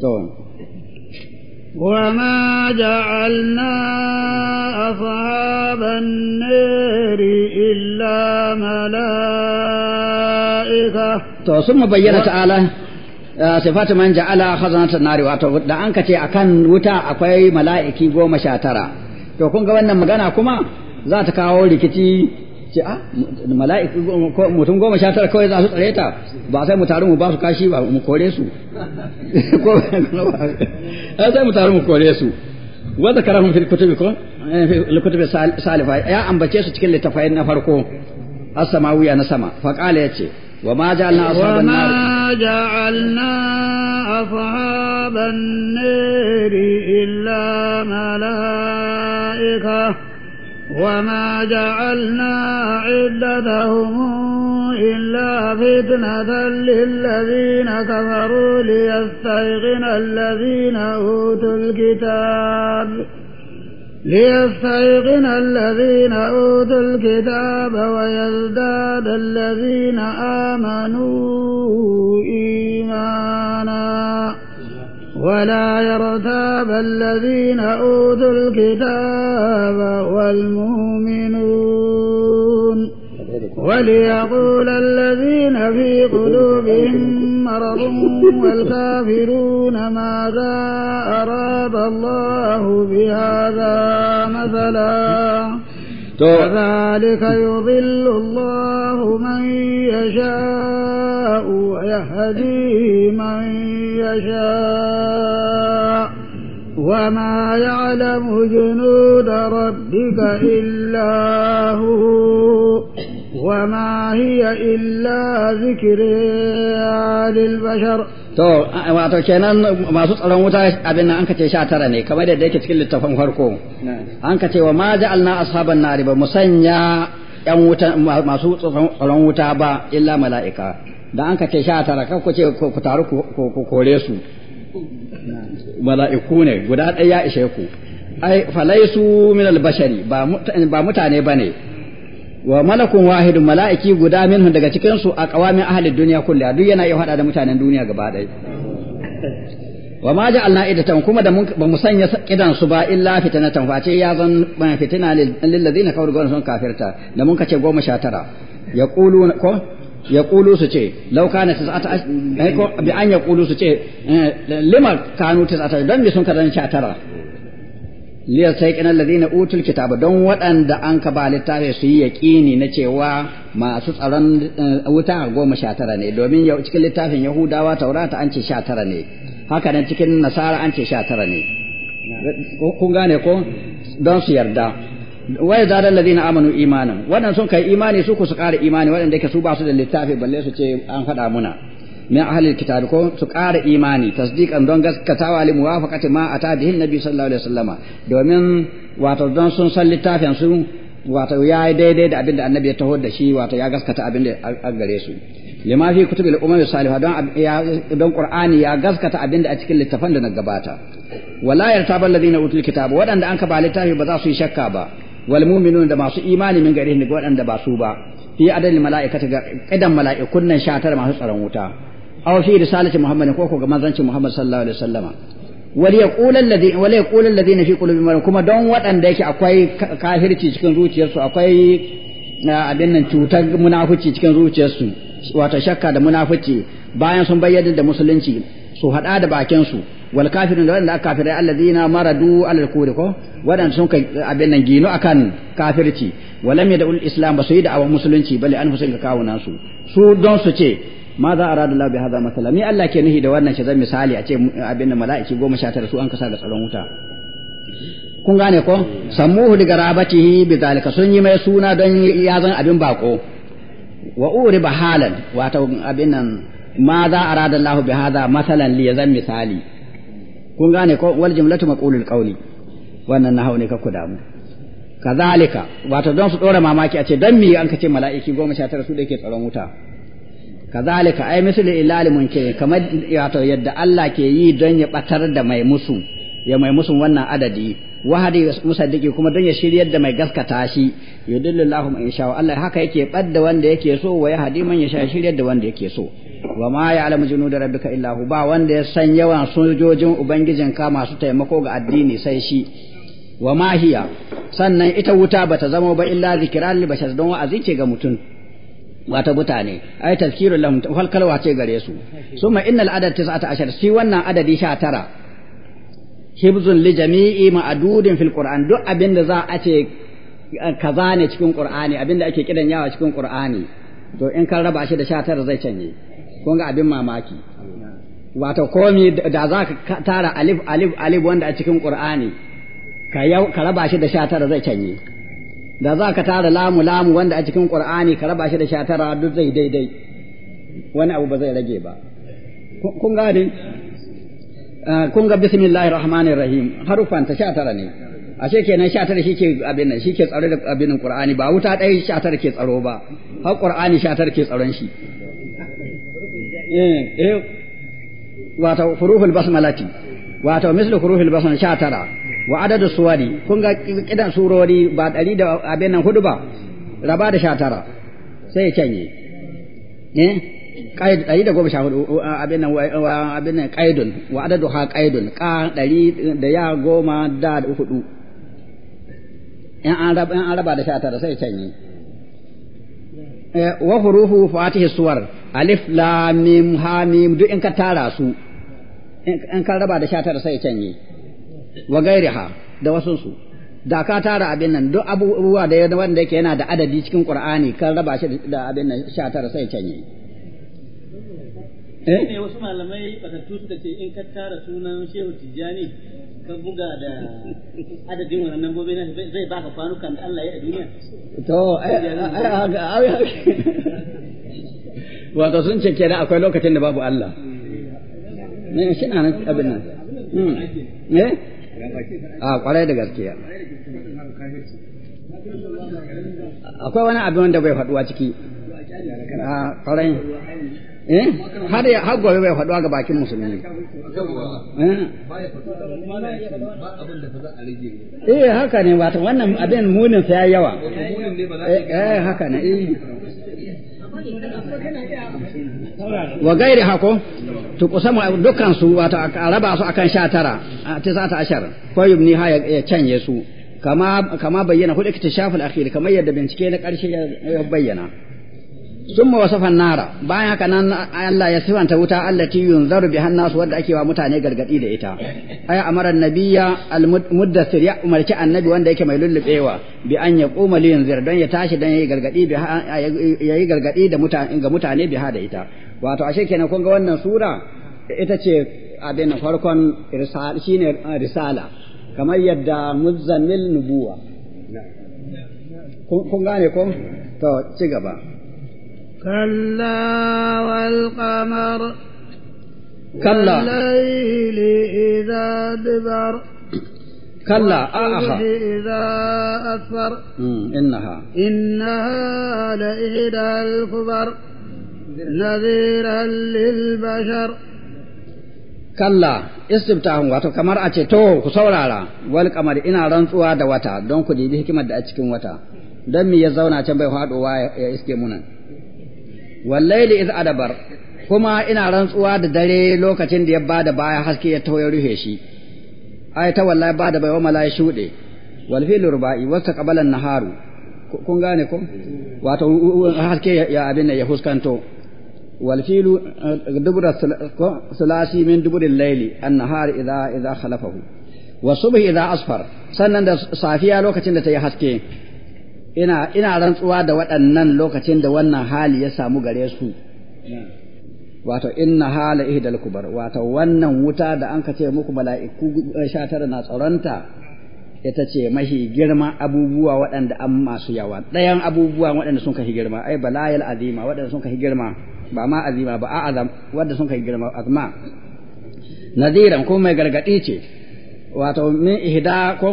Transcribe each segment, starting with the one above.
to وما جعلنا أصحاب النار إلا ملائكة to sun bayyana ta'ala eh, sifatu man ja'ala khazanatan nari wato da an a kan wuta akwai mala'iki goma sha tara to kun ga wannan magana kuma za ta kawo rikici ce a ah, mala'iku mutum goma sha tara kawai za su tsare ta ba sai mu taru mu ba su kashi ba mu kore su ko sai mu taru mu kore su wa zakarahum fil kutubi ko eh, fil kutubi salifa ya ambace su cikin littafai na farko as-samawiya na sama fa qala yace wa ma ja'alna ashaban nar wa ja'alna ashaban nar illa malaikah وما جعلنا عدتهم إلا فتنة للذين كفروا ليستيقن الذين أوتوا الكتاب ليستيقن الذين أوتوا الكتاب ويزداد الذين آمنوا إيمانا ولا يرتاب الذين أوتوا الكتاب والمؤمنون وليقول الذين في قلوبهم مرض والكافرون ماذا أراد الله بهذا مثلا كذلك يضل الله من يشاء ويهدي من يشاء وما يعلم جنود ربك إلا هو وما هي إلا ذكر للبشر to wato kenan masu tsaron wuta abin nan an kace sha tara ne kamar yadda yake cikin littafin farko an kace wa ma ja'alna ashaban nari ba musanya yan wuta masu tsaron wuta ba illa mala'ika da an kace sha tara kan ku ce ku taru ku kore su mala'iku ne guda ɗaya ya ishe ku ai falaisu min albashari ba mutane ba bane wa malakun wahidun mala'iki guda minhum daga cikin su a qawamin ahli dunya kullu duk yana iya hada da mutanen duniya gaba ɗaya wa ma ja'alna tan kuma da ba mu sanya kidan su ba illa fitanatan face ya zan fitina lil ladina kawar sun kafirta da mun kace 19 yaquluna ko yaqulu su ce law kana tis'ata ai ko bi an yaqulu su ce lima kanu tis'ata don me sun kadan sha tara liyar sai kana alladhina utul kitaba don waɗanda an ka ba littafi su yi yaqini na cewa masu tsaron wuta goma sha tara ne domin cikin littafin yahudawa taurata an ce sha tara ne haka nan cikin nasara an ce sha tara ne kun gane ko don su yarda wai zada allazina amanu imanin wadan sun kai imani su ku su ƙara imani waɗanda yake su ba su da littafi balle su ce an faɗa muna min ahlil kitab ko su ƙara imani tasdiqan don gaskatawa li muwafaqati ma ata bihi nabi sallallahu alaihi wasallama domin wato don sun san littafin su wato ya yi daidai da abin da annabi ya taho da shi wato ya gaskata abin da a gare su lima fi kutubil umami salihah don don qur'ani ya gaskata abin da a cikin littafan da na gabata wala yartaba alladhina utul kitaba wadanda an ka ba littafi ba za su yi shakka ba wal mu'minun da masu imani min gare ni waɗanda ba su ba fi adadin mala'ikata ga idan mala'ikun nan 19 masu tsaron wuta aw fi risalati muhammadin ko ko ga manzancin muhammad sallallahu alaihi wasallama wal yaqul alladhi wal yaqul alladhina fi qulubihim marad kuma don waɗanda yake akwai kafirci cikin zuciyarsu akwai abin nan cutar munafici cikin zuciyarsu wato shakka da munafici bayan sun bayyana da musulunci su hada da bakin su wal kafirun da wanda kafirai alladina maradu alal kuri ko wadan sun kai abin nan gino akan kafirci walam yad'u al islam ba su yi da da'awa musulunci bale an fusin ga kawo nasu su don su ce ma za arada Allah bi hadha masala ni Allah ke nuhi da wannan shi zan misali a ce abin nan mala'iki goma sha tara su an kasa ga tsaron wuta kun gane ko sammuhu daga rabatihi bi zalika sun yi mai suna don ya zan abin bako wa uri ba bahalan wato abin nan ma za arada Allah bi hadha masalan li zan misali kun gane ko wal jumlatu maqulul qawli wannan na ne ka ku damu kazalika wato don su dora mamaki a ce dan mi an kace mala'iki goma sha tara su da ke tsaron wuta kazalika ay misli ilal munkir kamar wato yadda Allah ke yi don ya batar da mai musu ya mai musu wannan adadi wahadi musaddiki kuma don ya shiryar da mai gaskata shi yudillu Allahu sha Allah haka yake badda wanda yake so wa yahdi man yasha shiryar da wanda yake so wa ma ya'lamu junud rabbika illa hu ba wanda ya san yawan sojojin ubangijin ka masu taimako ga addini sai shi wa ma hiya sannan ita wuta bata zama ba illa zikran li bashar don wa'azi ce ga mutum wata mutane ai tazkirul lahum falkalwa ce gare su summa innal adad 19 shi wannan adadi 19 hibzun li jami'i ma'adudin fil qur'an duk abin da za a ce eh, kaza ne cikin qur'ani abin da ake kidan yawa cikin qur'ani to in kan raba shi da 19 zai canje kun ga abin mamaki wato komi da za ka tara alif alif alif wanda a cikin qur'ani ka yau ka raba shi da 19 zai canje da za ka tara lamu lamu wanda a cikin qur'ani ka raba shi da 19 duk zai daidai wani abu ba zai rage ba kun gane Ah, kun ga bismillahir rahmanir rahim harufan ta 19 ne ashe kenan 19 shike abin nan shike tsaro da abin qur'ani ba wuta dai 19 ke tsaro ba har qur'ani 19 ke tsaron shi eh eh wato huruful basmalati wato mislu huruful basmala 19 wa adadu suwari kun ga kidan surori ba 100 da abin nan hudu ba raba da 19 sai ya canye eh qaid dari da goma sha hudu uh, uh, abin nan uh, abin nan qaidun wa adadu ha qaidun ka ɗari da ya goma da hudu in an raba da sha tara sai canyi eh, wa hurufu fatihi suwar alif lam mim ha mim duk in ka tara su in ka raba da sha tara sai canyi wa gairiha da wasu su da ka tara abin nan duk abubuwa da wanda yake yana da adadi cikin Qur'ani kan raba shi da abin nan 19 sai canye ne eh? wasu malamai fatattu suka ce in ka tara sunan shehu tijjani ka buga da adadin wannan nambobi na zai baka kwanukan da Allah ya a duniya to wato sun ce kenan akwai lokacin da babu Allah ne shi na nan abin nan ne hmm. a ah, kwarai da gaskiya akwai wani abin da bai faduwa ciki a ah, kwarai eh har ya har gobe bai faɗuwa ga bakin musulmi eh, eh haka ne wato wannan abin munin sai yawa eh, eh haka ne eh. wa gairi hako to kusama dukkan su wato a raba su akan 19 tisata ashar ko yubni ha ya canje su kama kama bayyana hudu kitashaful akhir kamar yadda bincike na karshe ya bayyana sun وصف النار bayan haka nan Allah ya sifanta wuta allati yunzaru bihan nas wadda ake wa mutane gargadi da ita ay amara nabiyya almuddathir ya umarci annabi wanda yake mai lullubewa bi an ya kuma li yunzir don ya tashi dan yayi gargadi bi yayi gargadi da mutane ga mutane bi da ita wato ashe kenan kun ga wannan sura ita ce abin farkon risala shine risala kamar yadda muzammil nubuwa kun gane ko to ci gaba كلا والقمر كلا والليل إذا دبر كلا آها إذا أسفر إنها إنها لإحدى الكبر نذيرا للبشر kalla istiftahu wato kamar a ce to ku saurara wal ina rantsuwa da wata don ku dibi hikimar da a cikin wata don me ya zauna can bai faɗowa ya iske munan wallaili iz adabar kuma ina rantsuwa da dare lokacin da ya bada baya haske ya taho ya rufe shi ai ta wallahi bada bai wa mala ya shude wal fil rubai wasta qabalan naharu kun gane ko wato haske ya abin ya huskanto wal filu eh, dubra sulasi min dubril layli an nahar idha idha khalafahu wa subhi idha asfar sannan da safiya lokacin da ta yi haske ina ina rantsuwa da waɗannan lokacin da wannan hali ya samu gare su wato inna hala ihdal kubar wato wannan wuta da an ka ce muku mala'iku 19 eh, na tsaronta ita ce mahi girma abubuwa waɗanda an masu yawa ɗayan abubuwa waɗanda sun kashi girma ai balayal azima waɗanda sun kashi girma ba ma azima ba a azam waɗanda sun kashi girma azma nadiran ko mai gargaɗi ce wato min ihda ko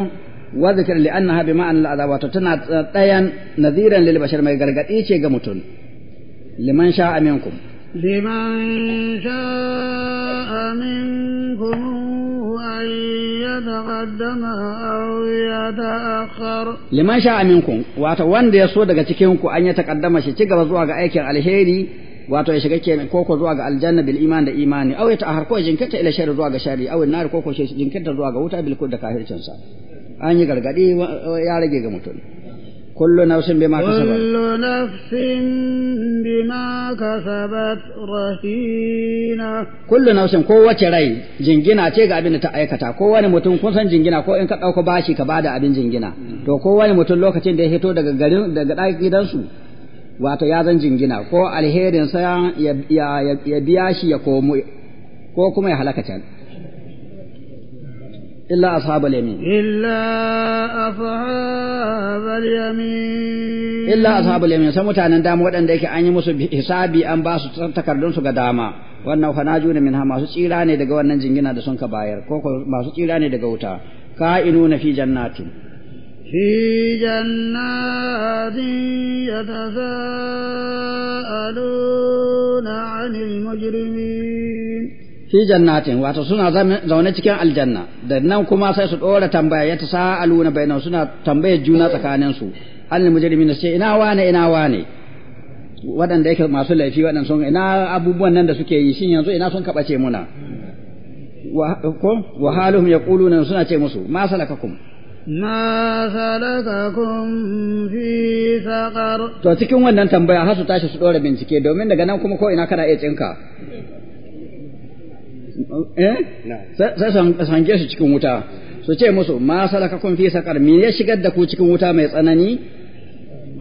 wa zikr li annaha bi ma'an al azab wato tana dayan nadiran lil bashar mai gargadi ce ga mutum liman sha'a minkum liman sha'a minkum an yataqaddama liman sha'a minkum wato wanda ya so daga cikin ku an ya taqaddama shi ci gaba zuwa ga aikin alheri wato ya shiga kenan koko zuwa ga aljanna bil iman da imani aw ya ta'ahar ko jinkirta ila shari zuwa ga shari aw nar koko shi jinkirta zuwa ga wuta bil kud da kafircin sa an yi gargadi ya rage ga mutum kullu nafsin bima kasabat kullu nafsin bima kasabat rahina kullu nafsin wace rai jingina ce ga abin da ta aikata ko wani mutum kun san jingina ko in ka dauko bashi ka bada abin jingina to ko wani mutum lokacin da ya hito daga garin daga gidansu wato ya zan jingina ko alherinsa ya biya shi ya komo ko kuma ya halaka can إلا أصحاب اليمين إلا أصحاب اليمين إلا أصحاب اليمين سمتان دام ودن ديك أني مسو حسابي أن باس تكردون سو قداما wannan fanajuna min ha masu tsira ne daga wannan jingina da sun ka bayar ko masu tsira ne daga wuta ka'inuna fi jannatin في جنات يتساءلون عن المجرمين fi jannatin wato suna zaune cikin aljanna da nan kuma sai su dora tambaya ya ta sa'aluna bainahu suna tambayar juna tsakanin su annal mujrimina sai ina wane ina wane waɗanda yake masu laifi waɗanda sun ina abubuwan nan da suke yi shin yanzu ina sun kabace muna ko wa haluhum yaquluna suna ce musu ma salakakum ma salakakum fi saqar to cikin wannan tambaya har su tashi su dora bincike domin daga nan kuma ko ina kana iya tsinka eh sai sange su cikin wuta su ce musu ma salaka kun fi sakar me ya shigar da ku cikin wuta mai tsanani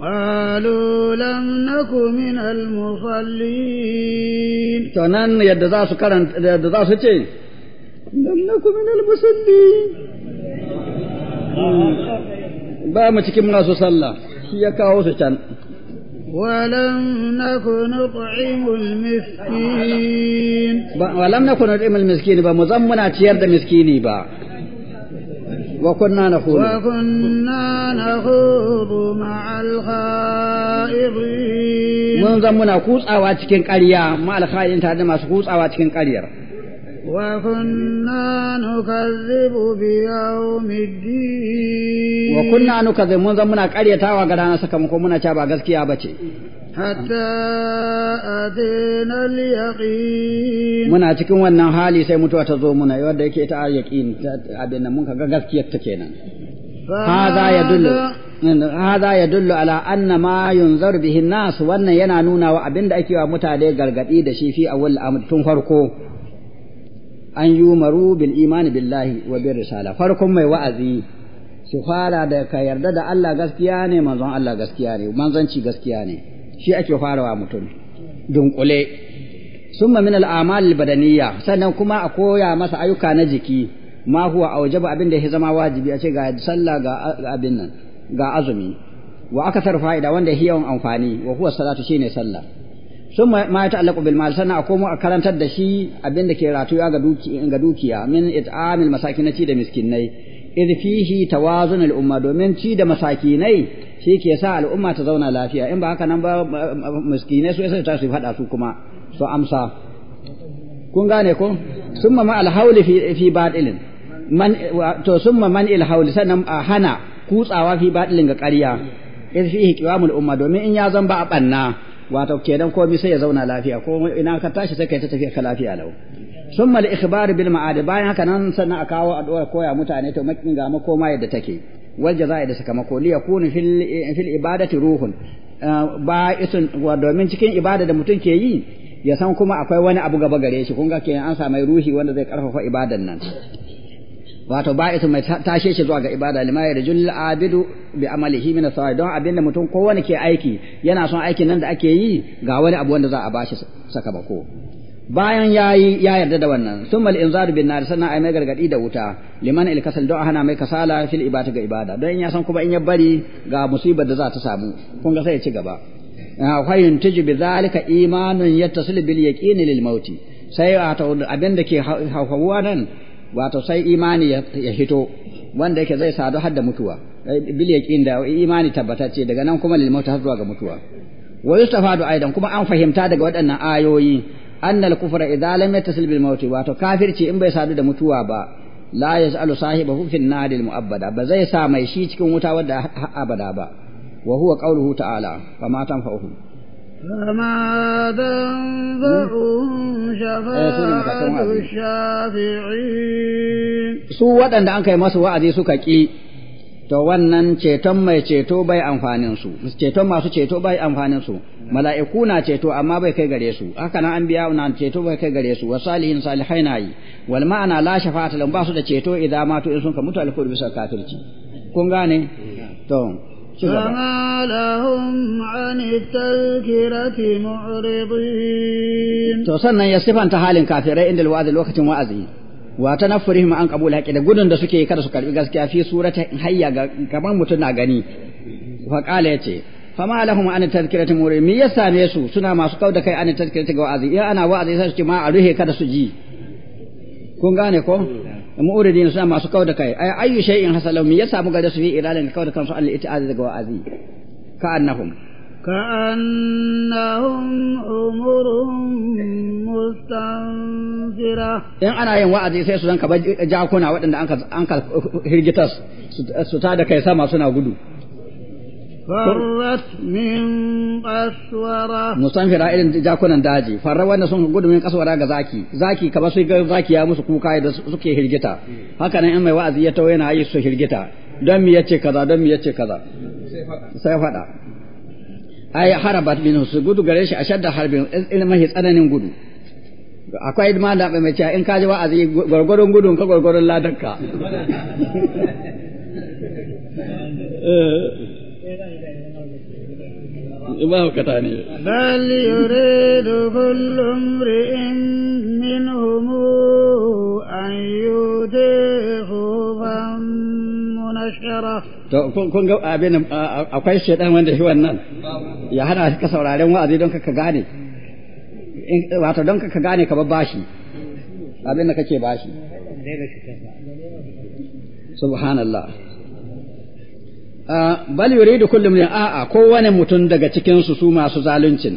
قالوا لم نك من المصلين تنان يد ذا سكرن يد ذا سكي لم نك من المصلين ba mu cikin masu sallah shi ya kawo su can ولم نكن نطعم المسكين ولم نكن نطعم المسكين با مزمنا تيار ده مسكيني با وكنا نخوض وكنا نخوض مع الخائضين من زمنا كوس أوا cikin ƙarya ma alkhairin ta da masu cikin ƙaryar Wakunna nukazi mu biya mun zan muna karya tawa gada na saka mako ba gaskiya bace. Hata a tsenan yakin. Muna cikin wannan hali sai mutuwa ta zo mu na yawadda yake ta ariya ƙi na abin namun ka ta kenan. Ba za ku. Ba ya tullo ala'an na mayun za'ur ɓi na su wannan yana nuna wa abinda ake wa mutane gargadi da shi fiye a wulɗa farko. an umaru bil imani billahi wa bir risala farkon mai wa'azi su fara da ka yarda da Allah gaskiya ne manzon Allah gaskiya ne manzanci gaskiya ne shi ake farawa mutum dunkule summa min al amal badaniyya sannan kuma a koya masa ayyuka na jiki ma huwa aujaba abin da ya zama wajibi a ce ga sallah ga abin nan ga azumi wa akathar fa'ida wanda yawan amfani wa huwa salatu shine sallah sun ma ya ta'allaku bil mal sannan a komo a karantar da shi abin da ke ratuwa ga dukiya ga dukiya min it'amil masakin ci da miskinai id fihi tawazun al umma domin ci da masakinai shi ke sa al'umma ta zauna lafiya in ba haka nan ba miskinai su sai ta su fada su kuma su amsa kun gane ko summa ma al hawli fi fi batilin man to summa man il hawli sannan a hana kutsawa fi batilin ga ƙarya id fihi qiwamul umma domin in ya zan ba a banna wato kenan komai sai ya zauna lafiya ko ina ka tashi sai kai ta tafiya ka lafiya lau summa al ikhbar bil ma'ad bayan haka nan sannan a kawo addu'a koya mutane to makin ga makoma yadda take wal jazaa'i da sakamako li yakunu fil fil ibadati ruhun eh, ba'isun wa domin cikin ibada da mutum ke yi ya san kuma akwai wani abu gaba gare shi kun ga kenan an samu ruhi wanda zai karfafa ibadan nan wato ba'isu mai tashe shi zuwa ga ibada lima ya rajul abidu bi amalihi min sawa don abinda mutum ko ke aiki yana son aikin nan da ake yi ga wani abu wanda za a bashi ko. bayan yayi ya yarda da wannan summa al inzar bin nar sannan ai mai gargadi da wuta liman il kasal don hana mai kasala fil ibada ga ibada don in ya san kuma in ya bari ga musibar da za ta samu kun ga sai ya ci gaba ah, fa tiji bi zalika imanun yattasil bil yaqini lil mauti sai wato abinda ke hauhawa nan wato sai imani ya hito wanda yake zai sadu har da mutuwa eh, bil yaqin da imani tabbatacce daga nan kuma lil mauta zuwa ga mutuwa wa yustafadu aidan kuma an fahimta daga waɗannan ayoyi annal kufra idza lam yattasil bil mauti wato kafirci in bai sadu da mutuwa ba la yas'alu sahibahu fi nadil mu'abbada ba zai sa mai shi cikin wuta wadda abada ba wa huwa qawluhu ta'ala fama tanfa'uhum su waɗanda an kai masu wa'azi suka ƙi to wannan ceton mai ceto bai amfaninsu, ceton masu ceto bai amfaninsu. mala'iku na ceto amma bai kai gare su haka nan biya na ceto bai kai gare su wasu salihin salihai na yi wal ma'ana la shafa'ata ba su da ceto idan matu in sun ka mutu alkur bisa kafirci kun gane to فما لهم عن التذكرة معرضين توصلنا يا سفان تحال كافرين عند الوعد الوقت وعزي وتنفرهم عن قبول حق da gudun da suke kada su karbi gaskiya fi surata hayya gaban mutum na gani wa qala yace fama lahum an tadhkirati muri me ya same su suna masu kauda kai an tadhkirati ga wa'azi ya ana wa'azi sai su ma ruhe kada su ji kun gane ko mu'uridin suna masu kawar da kai ai ayu shay'in hasalau me ya samu ga su yi iradan kawar da kansu an al'itiaz daga wa'azi ka annahum ka annahum umurun mustanfira in ana yin wa'azi sai su zan ka jakuna waɗanda an ka hirgitas su ta da kai sama suna gudu فرت من قسورة مستنفرة إلى جاكونا داجي فروا أن سنك قد من قسورة زاكي زاكي كما سيقى زاكي يا مسكو قايد سكي هلجتا هكذا إما وعزي يتوين ya هلجتا دم yi كذا دم don كذا سيفدا أي حربت منه سجود قريش أشد حرب إلى ما هي su gudu akwai ma da mai cewa in ka ji wa'azi gurgurun gudun ka gurgurun ladanka mahaukata ne bal yuridu kullu imri'in minhum an kun ga abin akwai shedan wanda shi wannan ya ka sauraren wa'azi don ka gane wato don ka gane ka abin da kake bashi subhanallah bal yuridu kullu min a'a kowane mutum daga cikin su su masu zaluncin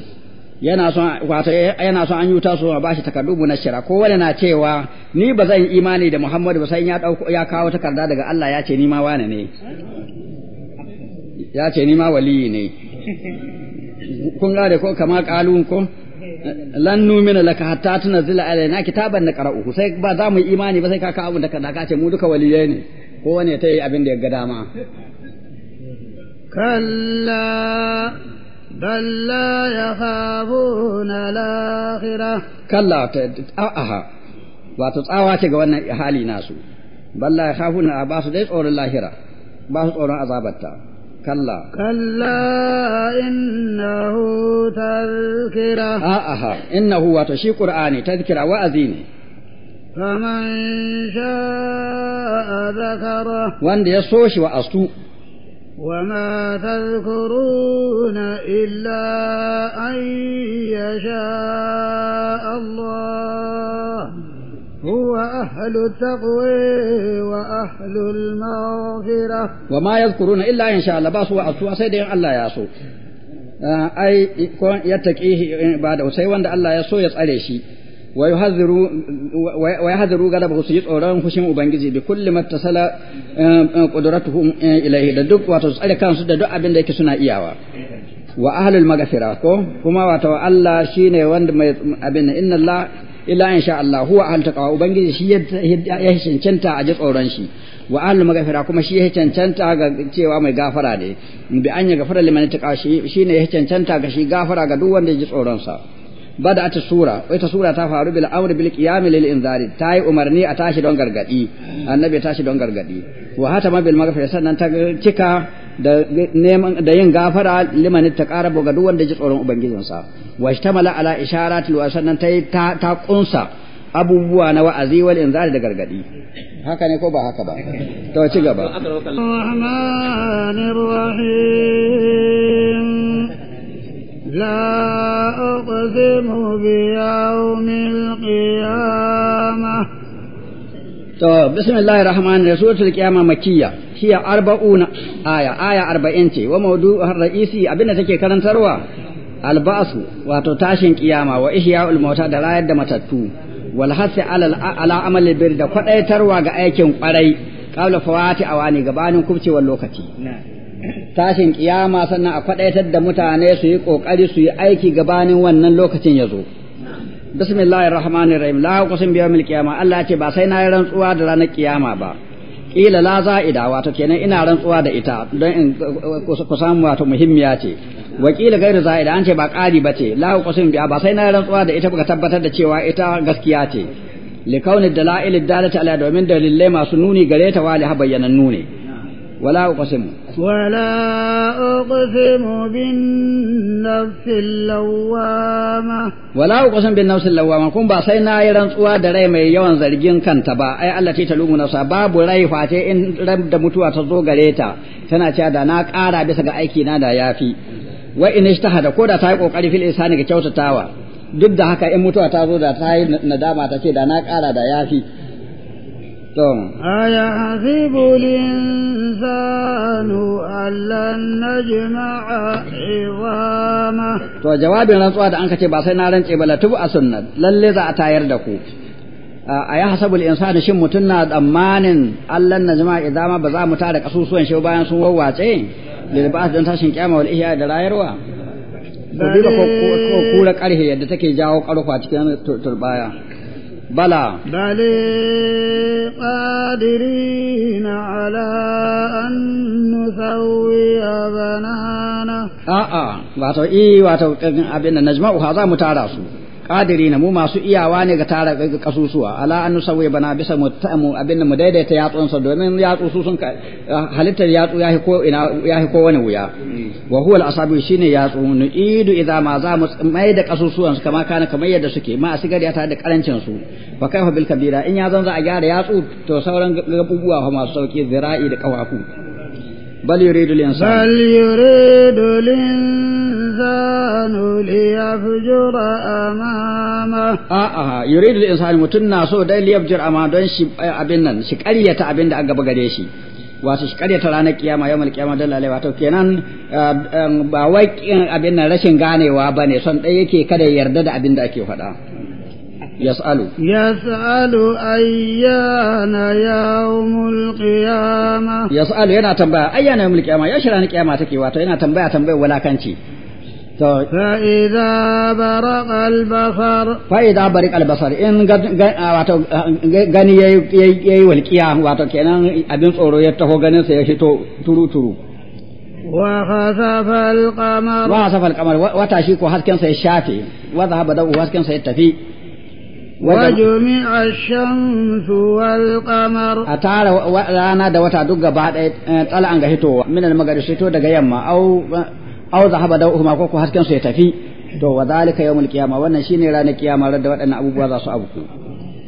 yana son wato eh, yana son an yuta su a bashi takardu mu nashira kowane na cewa ni ba zan imani da Muhammadu ba sai ya dauko ya kawo takarda daga Allah ya ce ni ma wani ne ya ce ni ma waliyi ne kun gane ko kama kalun ko lan numina laka hatta tunzila alaina kitaban na qara'uhu sai ba za mu imani ba sai ka kawo abin da ka ce mu duka waliyai ne kowane ta yi abin da ya ga dama كلا بل لا يخافون الآخرة كلا أها وتتعوى تقوانا حالي ناسو بل لا يخافون أباس ديس أور اللاهرة باس أور عذابتا كلا كلا إنه تذكرة أها إنه وتشي قرآني تذكرة وأذيني فمن شاء ذكره وان يسوش وأسوء وما تذكرون إلا أن يشاء الله هو أهل التقوى وأهل المغفرة وما يذكرون إلا إن شاء الله باسوا عصوا سيدي الله يعصوا آه، أي يتكيه بعد taƙi ba da يسأل شيء wa yahzaru gadabahu su yi tsoron fushin ubangiji bi kulli mattasala qudratuhum ilayhi da duk wato tsare kansu da duk abin da yake suna iyawa wa ahlul maghfira ko kuma wato Allah shine wanda mai abin inna Allah illa in Allah huwa ahlul taqwa ubangiji shi ya cancanta a ji tsoron shi wa ahlul maghfira kuma shi ya cancanta ga cewa mai gafara ne bi an ya shi shine ya cancanta ga shi gafara ga duk wanda ya ji tsoron sa بدأت السورة وإت سورة تفعل بالأمر بالقيام للإنذار تاي أمرني أتاشي دون غرغدي النبي أتاشي دون غرغدي وهتم بالمغفرة سنن تكا da da yin gafara liman ta ga duk wanda ji tsoron ubangijinsa washtamala ala isharatil wa sannan ta ta kunsa abubuwa na wa'azi wal inzari da gargadi haka ne ko ba haka ba to ci gaba لا أقسم بيوم القيامة to bismillahir rahmanir suratul qiyama makiyya ce wa mawdu'ur ra'isi take karantarwa albasu wato tashin kiyama wa ihya'ul da rayar da matattu wal hasi ala da kwadaitarwa ga aikin kwarai qabla fawati awani gabanin kubcewar lokaci tashin kiyama sannan a kwadaitar da mutane su yi kokari su yi aiki gabanin wannan lokacin ya zo bismillahir rahmanir rahim la qasim bi yawmil qiyama Allah ce ba sai na yi rantsuwa da ranar kiyama ba kila la za'ida wato kenan ina rantsuwa da ita don in ku samu wato muhimmiya ce kila gairu za'ida an ce ba ƙari ba ce la qasim bi ba sai na yi rantsuwa da ita ba tabbatar da cewa ita gaskiya ce kauni dala'ilid dalata ala domin dalilai masu nuni gare ta wali ha bayyanannu ne wala qasim ولا أقسم بالنفس اللوامة ولا أقسم بالنفس اللوامة كن با سي نا يران تسوا da rai mai yawan zargin kanta ba ai Allah ce ta lumu nasa babu rai face in ran da mutuwa ta zo gare tana cewa da na ƙara bisa ga aiki na da yafi wa in ishtahada ko da ta yi kokari fil ihsani ga kyautatawa duk da haka in mutuwa ta zo da ta yi nadama ta ce da na ƙara da yafi أيحسب الإنسان ألا نجمع عظامه تو جواب رنسوا da an ce ba sai na rance ba latubu a sunnat lalle za a tayar da ku a ya hasabul insani shin mutum na tsammanin allan najma idama ba za mu tara kasusuwan shi bayan sun wawace lil ba'd dan tashin kiyama wal ihya da rayarwa ko kura karhe yadda take jawo karfa cikin turbaya بلى بل قادرين على أن نسوي بنانه آآ آه آه واتو إي واتو أبين نجمعها هذا متعرسو na mu masu iyawa ne ga tara kasusuwa ala an sauya bana bisa mutamu abinda mu daidaita yatsunsa domin yatsu su sun halittar yatsu yahi ko ina yahi ko wani wuya wa huwa al-asabi shine yatsu nu'idu idza ma za mu mai da kasusuwan su kama kana kamar yadda suke ma sigar ya tare da karancin su fa kaifa bil kabira in ya zan za a gyara yatsu to sauran gabubuwa fa masu sauki zira'i da kawafu bal yuridu lin الإنسان ليفجر أمامه آه آه يريد الإنسان متنا سو دai ليفجر أمامه don shi abin nan shi ƙaryata abin da aka gaba shi wato shi ranar kiyama yau mal kiyama dalla alai kenan ba wai abin nan rashin ganewa bane son ɗaya ke kada yarda da abin da ake faɗa يسأل يسأل أيان يوم القيامة يسأل ينا تنبأ أيان يوم القيامة يشرى القيامة تكي واتو ينا تنبأ تنبأ ولا كنتي فإذا برق البصر فإذا برق البصر إن واتو غني يي والقيا واتو كينان أبين صورو يتهو غني سيشتو ترو ترو وخسف القمر وخسف القمر وتاشيكو حسكن سيشافي وذهب ضوء حسكن سيتفي وجمع الشمس والقمر أتعالى وانا دوتا دقة بعد طلع أنجا من المغرب هتو دقا يما أو aw zahaba dawuhuma ko ko hasken su ya tafi to wa zalika yawmul qiyama wannan shine ranar kiyama ran da waɗannan abubuwa za su abuku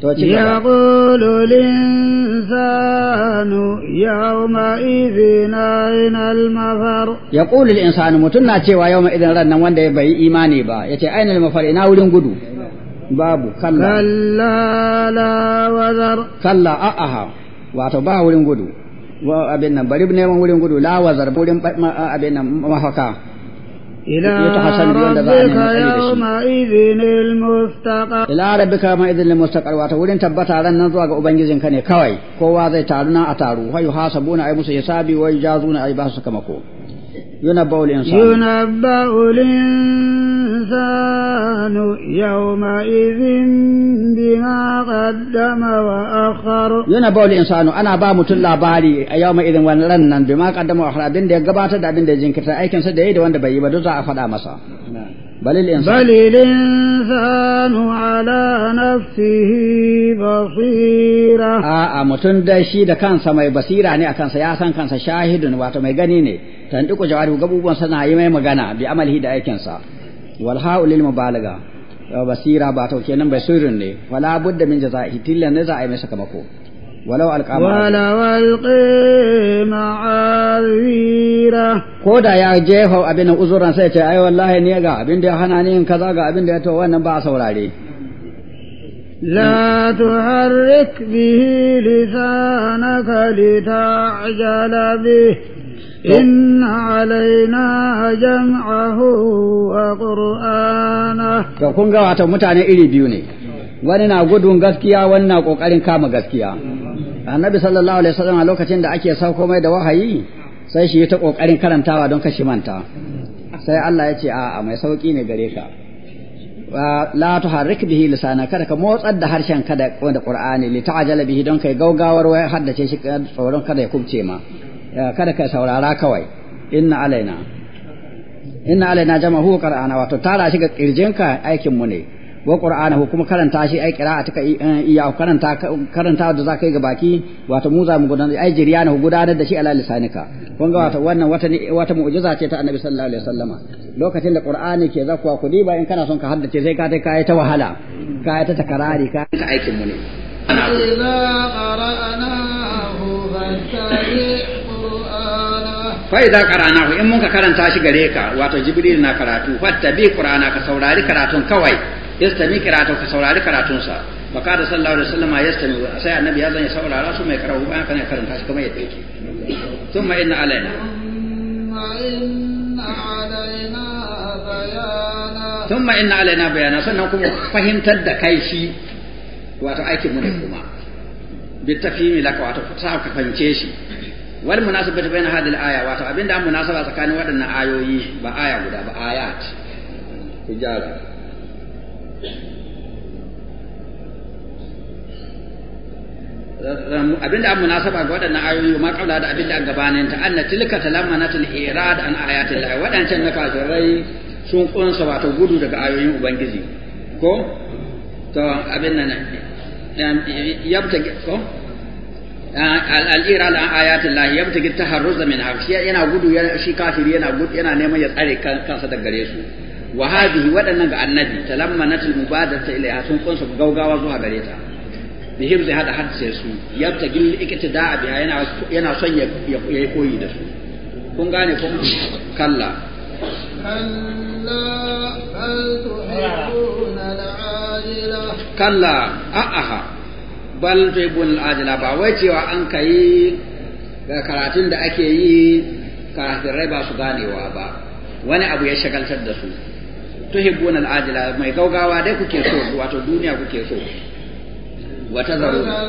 to ci yaqulu linsanu yawma idhin ayna al-mafar yaqulu linsanu mutun na cewa yawma idhin ran nan wanda bai imani ba yace ayna mafar ina wurin gudu babu kalla kalla la wazar kalla a'aha wato ba wurin gudu wa abin nan bari neman wurin gudu la wazar wurin abin nan mafaka ilala raba ma izinin mustaqar. ila rabi kama izinin mustaqar wata wurin tabbatarar nan zuwa ga ubangijin ka ne kawai kowa zai taru na a taru waiyu hasan buna a musu yasabi wajen jazuna a basu ba su yuna bauli الإنسان يومئذ بما قدم وأخر ينبأ الإنسان أنا با متل labari a ولن بما abin da ya gabatar da abin da ya jinkirta aikin sa da yayi da wanda bai yi ba duk za a faɗa masa بل الإنسان بل الإنسان على نفسه بصيرة آآ da shi da kansa mai basira ne a kansa ya san kansa shahidun wato mai gani ne ku jawaru gabubuwan sana yi mai magana bi amalihi da aikinsa wal ha'u lil basira ba ta kenan bai sirrin ne wala budda min jaza'i tilla ne za a yi masa kamako walau alqama walau alqama azira ko da ya jefa abin uzuran sai ce ai wallahi ne ga abin da ya hana ni kaza ga abin da ya to wannan ba a saurare لا تحرك به لسانك لتعجل به إن alaina jam'ahu wa to kun ga mutane iri biyu ne wani na gudun gaskiya wani na kokarin kama gaskiya annabi sallallahu alaihi wasallam a lokacin da ake sauko mai da wahayi sai shi ta kokarin karantawa don kashi manta sai Allah ya ce a'a mai sauki ne gare ka la tuharrik bihi lisana kada ka motsar da harshen kada da qur'ani li ta'jala bihi don kai gaugawar wai haddace shi tsoron kada ya kubce ma kada ka saurara kawai inna alaina inna alaina jama'u qur'ana wato tara shi ga kirjinka aikin mu ne wa qur'anahu kuma karanta shi ai qira'a ta eh, iya karanta karanta da za kai ga baki wato mu za mu gudanar ai jiryana gudanar da shi ala lisanika kun ga wato wannan wata wata mu'jiza ce ta annabi sallallahu alaihi wasallama lokacin da qur'ani ke zakwa ku ba in kana son ka haddace sai ka ta kai ta wahala ka ta takarari ka aikin mu ne fa'iza qara'nahu in mun ka karanta shi gare ka wato jibril na karatu fatta fattabi qur'ana ka saurari karatun kawai yastami karatu ka saurari karatunsa fa da sallallahu alaihi wasallama yastami sai annabi ya zan ya saurara su mai karatu bayan kana karanta shi kamar yadda yake thumma inna alaina thumma inna alaina bayana sannan kuma fahimtar da kai shi wato aikin mu ne kuma bitafhimi laka wato sa ka fahimce shi wal munasabatu bayna hadhihi al-aya wato abinda an munasaba tsakanin waɗannan ayoyi ba aya guda ba ayat ku abinda an munasaba ga waɗannan ayoyi ma kaula da abinda an gabanin ta anna tilka talammanatul irad an ayatil lahi waɗancan na kafirai sun kunsa wato gudu daga ayoyin ubangiji ko to abin nan yabta ko al-irad an ayatil lahi yabta taharruz min hafsiya yana gudu shi kafiri yana gudu yana neman ya tsare kansa daga gare su wa hadhihi waɗannan ga annabi talammanat al ta ilayha sun kunsa gaugawa zuwa gare ta bi hibzi hada hadse su yabta gil iktida'a biha yana yana son ya yi koyi da su kun gane kun kalla kalla Kalla, a'aha bal tuhibbun al-ajila ba wai cewa an kai karatun da ake yi rai ba su ganewa ba wani abu ya shagaltar da su tuhibbun al'ajila mai gaugawa dai kuke so wato duniya kuke so wata zaruna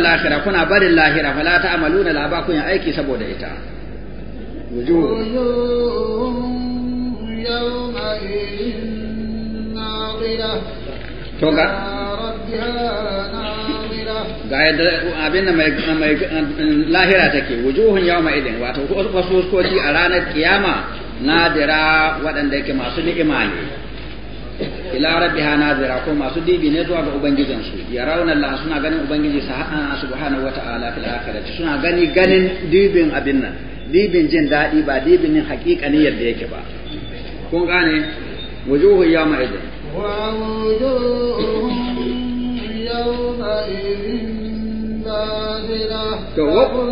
lahira kuna barin lahira la ta amaluna laba kun aiki saboda ita to ga ga yadda abin mai lahira take wujuhun yawma idin wato wasu a ranar kiyama nadira waɗanda yake masu ni'ima ne ila rabbiha nadira ko masu dibi ne zuwa ga ubangijin su rauna Allah suna ganin ubangiji subhanahu wata'ala fil akhirati suna gani ganin dibin abin nan dibin jin daɗi ba dibin hakika ne yadda yake ba kun gane wujuhu yawma idin wa yawma idin nadira to wa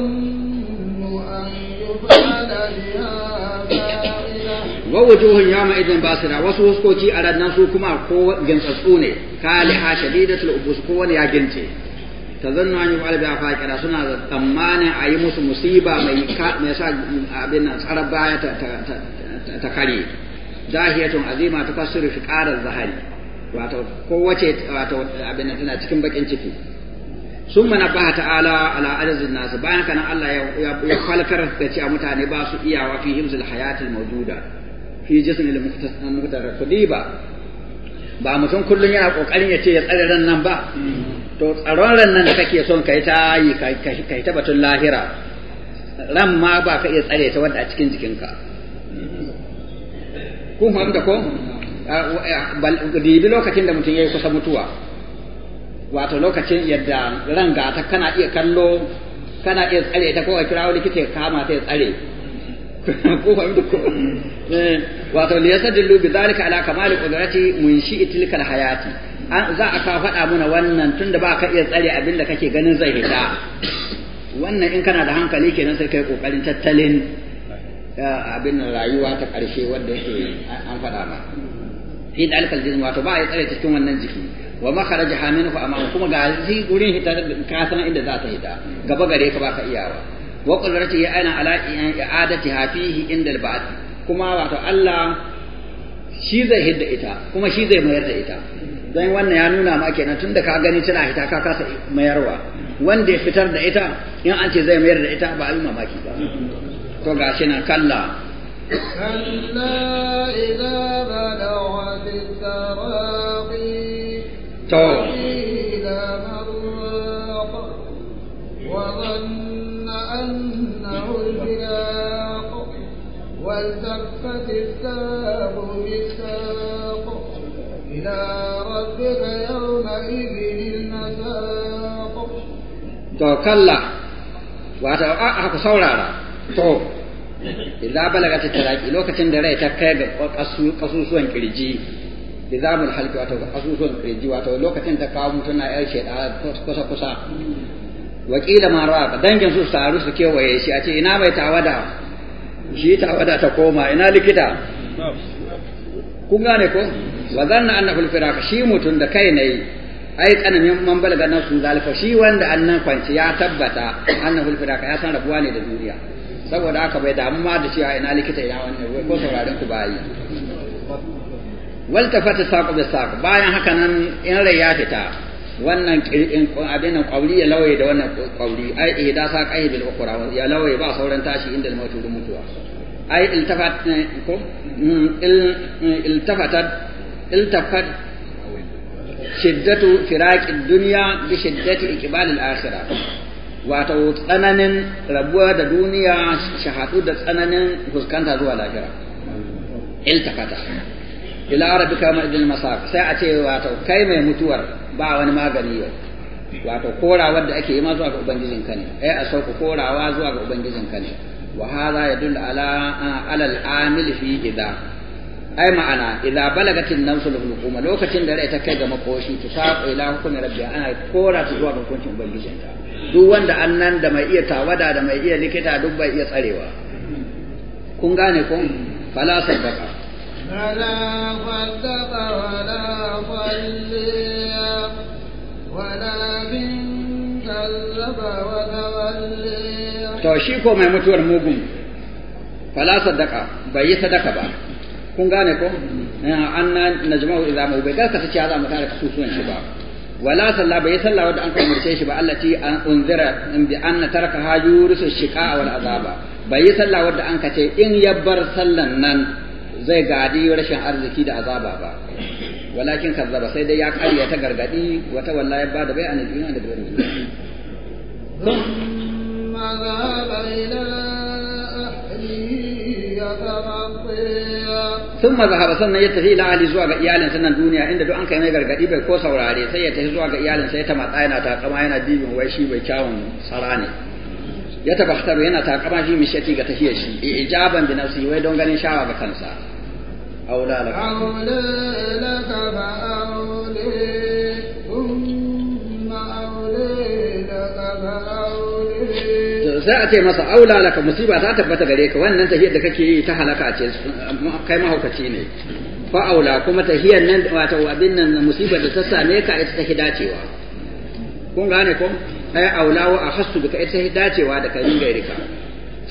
wa wujuhun yawma idan basira wasu huskoki a ran su kuma ko gintsatsu ne kaliha shadidatul ubus ko wani ya gince tazannu an yubal bi afaqira suna da tsammanin a yi musu musiba mai mai sa abin nan tsarar baya ta ta kare zahiyatun azima ta kasiru fi qarar zahari wato kowace wato abin nan tana cikin bakin ciki sun mana ba ta'ala ala arzin nasu bayan kana Allah ya falkar da cewa mutane ba su iyawa fi himzul hayatil mawjuda fi jismil muqtadar kudiba ba mutum kullum yana kokarin ya ce ya tsare ran nan ba to tsaron ran nan da kake son kai ta yi kai ta batun lahira ran ma ba ka iya tsare ta wanda a cikin jikinka kun fahimta ko dibi lokacin da mutum ya yi kusa mutuwa wato lokacin yadda ran gata kana iya kallo kana iya tsare ta ko a kira likita ya kama ta ya tsare ko fahimta ko eh, wato li yastadillu bi dhalika ala kamal qudrati munshi tilkal hayati za a ka faɗa muna wannan tunda ba ka iya tsare abin da kake ganin zai hita wannan in kana da hankali kenan sai kai kokarin tattalin abin rayuwa ta ƙarshe wanda yake an faɗa ma fi dalikal jism wato ba ya tsare cikin wannan jiki wa makharaja haminu fa amma kuma ga shi gurin hita ka san inda za ta hita gaba gare ka ba ka iyawa wa qudratihi aina ala i'adatiha fihi inda al kuma wato Allah shi zai hidda ita kuma shi zai mayar da ita don wannan ya nuna ma kenan tunda ka gani tana hita ka kasa mayarwa wanda ya fitar da ita in an ce zai mayar da ita ba abin mamaki ba to ga shi nan kalla kalla وأنه الفراق والتفت الساق بالساق إلى ربك يومئذ المساق توكلا wato a haka saurara to idza balagat taraqi lokacin da rai ta kai ga kasusuwan kirji nizamul halki wato kasusuwan kirji wato lokacin ta kawo mutuna yar sheda kusa kusa wakila ma ra'a dangin su taru su kewaye shi a ce ina bai tawada shi tawada ta koma ina likita kun gane ko wa zanna annahu al-firaq shi mutun da kai nayi ai tsananin man balaga nan sun zalika shi wanda annan kwanci ya tabbata anna fil firaq ya san rabuwa ne da duniya saboda haka bai damu ma da cewa ina likita ina wannan ko sauraron ku bayi waltafata saqu bi saqu bayan haka nan in rai ya fita wannan kirin kun abin kauli ya lawaye da wannan kauli ai ihda sa kai bil ukhra ya lawaye ba sauran tashi inda mutu da mutuwa ai iltafat ko iltafatat iltafat shiddatu firaq ad-dunya bi shiddati iqbal al-akhirah wato tsananin rabuwa da duniya shahadu da tsananin fuskanta zuwa lahira iltafata ila rabbika ma'idil masaq sai a ce wato kai mai mutuwar ba wani magani yau wato korawa da ake yi ma zuwa ga ubangijin ka ne ai eh, a sauka korawa zuwa ga ubangijin ka ne wa hadha yadullu ala ala al-amil fi idha ai ma'ana idza balagatin nawsul hukuma lokacin da rai ta kai ga makoshi to sa ila hukumi rabbi ana kora ta zuwa ga hukuncin ubangijin ka duk wanda annan da mai iya tawada da mai iya likita duk bai iya tsarewa kun gane kun fala sabaka فلا صدق ولا صلي ولكن كذب وتولي to shi ko mai mutuwar mugun fala sadaka bai yi sadaka ba kun gane ko eh, An na najma'u idza mu bai karkata ce za mu tare kasusuwan shi ba wala salla bai salla wanda an kamarce shi ba Allah ce an unzira bi anna taraka hajurisu shiqa wal azaba bai salla wanda an kace in yabbar sallan nan zai gadi rashin arziki da azaba ba walakin kazzaba sai dai ya kariya ta gargadi wata wallahi ya bada bai anil iman da bai thumma dhaba ila ahlihi thumma dhahaba sannan ya tafi ila zuwa ga iyalin sannan duniya inda duk an kai mai gargadi bai ko saurare sai ya tafi zuwa ga iyalin sai ta matsa yana takama yana dibin wai shi bai kyawun tsara ne ya yana takama shi ga shi bi wai don ganin shawa ga kansa أولى لك أولى لك فأولي sai a ce masa aula laka musiba ta tabbata gare ka wannan tahiyar da kake yi ta halaka a ce kai mahaukaci ne fa aula kuma tahiyar nan wata abin nan musibar da ta same ka ita ta hidacewa kun gane ko ai aula wa ahassu bika ita ta hidacewa da kai min gairika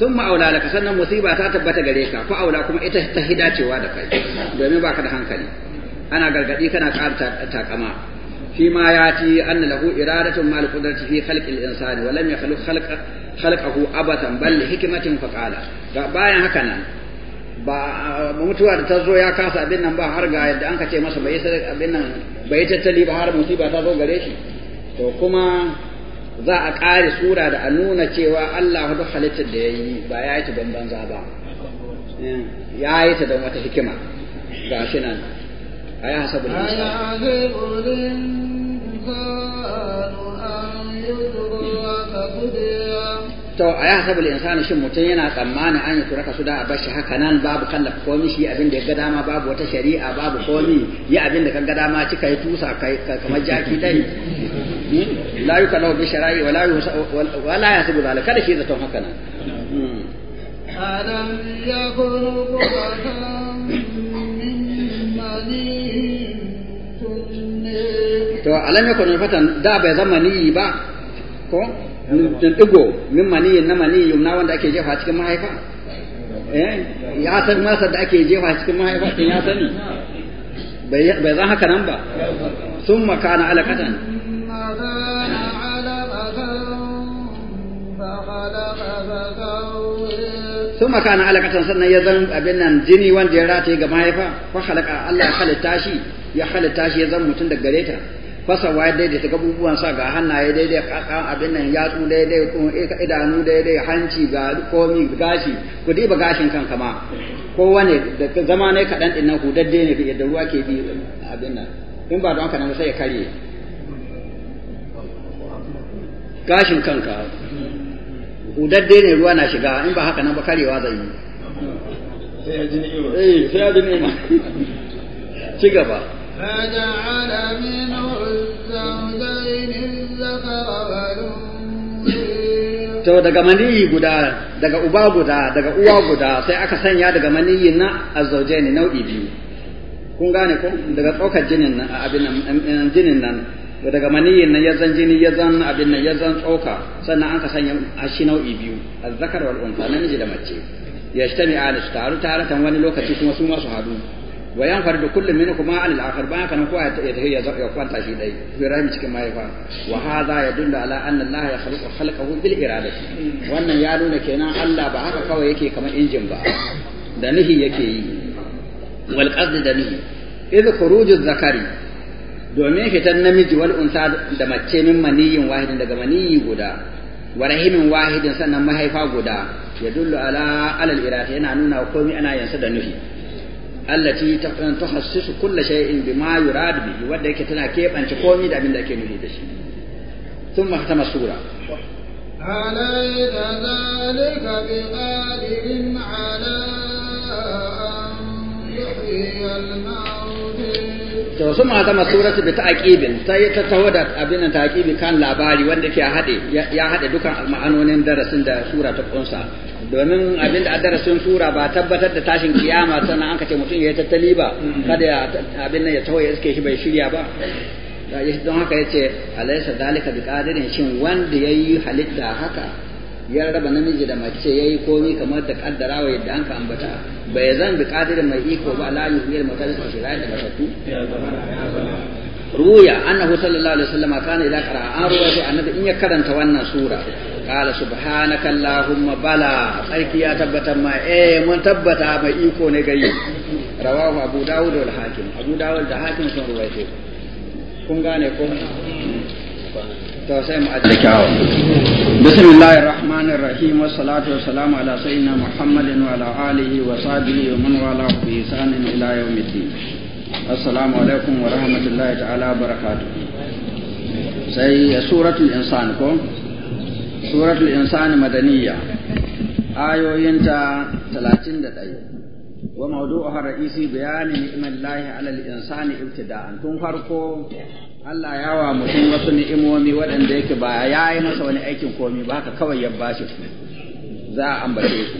sun ma'aula musiba ta tabbata gare ka ko kuma ita ta hidacewa da kai domin baka da hankali ana gargadi kana ƙara takama fi ma ya ci anna lahu iradatun mal qudrati fi khalqil insani wa lam haka nan ba da ta ya kasa abin ba har ga yadda ce masa bai tattali ba har musiba ta zo gare shi to kuma za a ƙare sura da a nuna cewa Allah duk halittar da ya yi ba ya yi ta don banza ba ya yi ta don wata hikima ga shi nan a yi hasabu da to a yi hasabu insani shi mutum yana tsammanin an yi turaka su da a bashi haka nan babu da komi shi abin da ya ga dama babu wata shari'a babu komi yi abin da ka ga dama cika yi tusa kamar jaki dai la yukallahu bi shara'i wa la wa la yahsibu zalika kada shi zaton haka nan ألم يكن قرة من مليم to alam yakun nufatan da bai zama niyi ba ko digo min maniyin na maniyin na wanda ake jefa cikin mahaifa eh ya san masa da ake jefa cikin mahaifa din ya sani bai zan haka nan ba sun makana alakatan sun maka na alakatan sannan ya zan abin nan jini wanda ya rataye ga mahaifa fa halaka Allah ya halitta shi ya halitta shi ya zan mutum da gare ta fasa wa daidai ta gabubuwan sa ga hannaye daidai kakan abin nan yatsu daidai idanu daidai hanci ga komi gashi ku ba gashin kan kama kowane da zama ne kaɗan ɗin nan hudadde ne da ruwa ke bi abin nan in ba don haka nan sai ya karye gashin kanka udadde ne ruwa na shiga in ba haka nan ba karewa zai yi sai ya ji eh, ci gaba to daga maniyi guda daga uba guda daga uwa guda sai aka sanya daga maniyi na azzauje nau'i biyu kun gane ko daga tsokar jinin nan abin jinin nan daga maniyin na yazan jini yazan abin nan yazan tsoka sannan an ka sanya ashi nau'i biyu azzakar wal unsa namiji da mace Ya yajtami ala su taru taratan wani lokaci kuma su ma su hadu wa fardu kullum minkum ma al akhar ba kana ko ya ya zaka kwanta shi dai bi rahim cikin mahaifa wa hadha yadullu ala anna allaha yakhluqu khalqahu bil iradati wannan ya nuna kenan Allah ba haka kawai yake kamar injin ba da nihi yake yi wal qasd da nihi idh zakari domin fitar namiji wal da mace min maniyin wahidin daga maniyi guda wa rahimin wahidin sannan mahaifa guda ya dullu ala alal irata yana nuna wa komai ana yansa da nufi allati tuhassisu kull shay'in bima yurad bihi wanda yake tana kebance komai da abin da ake nufi da shi thumma khatama sura أليس ذلك بقادر على أن يحيي to su ma zama suratu bi ta'qibin sai ta taho da abin ta'qibi kan labari wanda ke hade ya hade dukan ma'anonin darasin da sura ta kunsa domin abin da a darasin sura ba tabbatar da tashin kiyama sannan an kace mutum ya yi tattali ba kada ya abin nan ya taho ya iske shi bai shirya ba don haka yace alaysa dalika bi qadirin shin wanda yayi halitta haka ya raba namiji da mace ya yi komi kamar da wa yadda an ka ambata bai zan bi kadir mai iko ba la yuhil mutalis shi rayar da matattu ruya annahu sallallahu alaihi wasallam kana idan qara'a an ruwa sai annabi in ya karanta wannan sura qala subhanaka allahumma bala sarki ya tabbatar ma eh mun tabbata mai iko ne gayi rawahu abu dawud wal hakim abu dawud da hakim sun ruwaito kun gane ko to sai mu ajiye kyawu bismillahir rahmanir rahim wassalatu wassalamu ala sayyidina muhammadin wa ala alihi wa sahbihi wa man wala bi ihsanin ila yawmiddin assalamu alaikum wa rahmatullahi ta'ala barakatuh sai suratul insan ko suratul insan madaniya ayoyinta 31 wa mawdu'uha ra'isi bayani ni'mallahi 'ala al-insani ibtida'an tun farko Allah ya wa mutum wasu ni'imomi waɗanda yake ba ya yi masa wani aikin komi ba ka kawai ya bashi su za a ambace su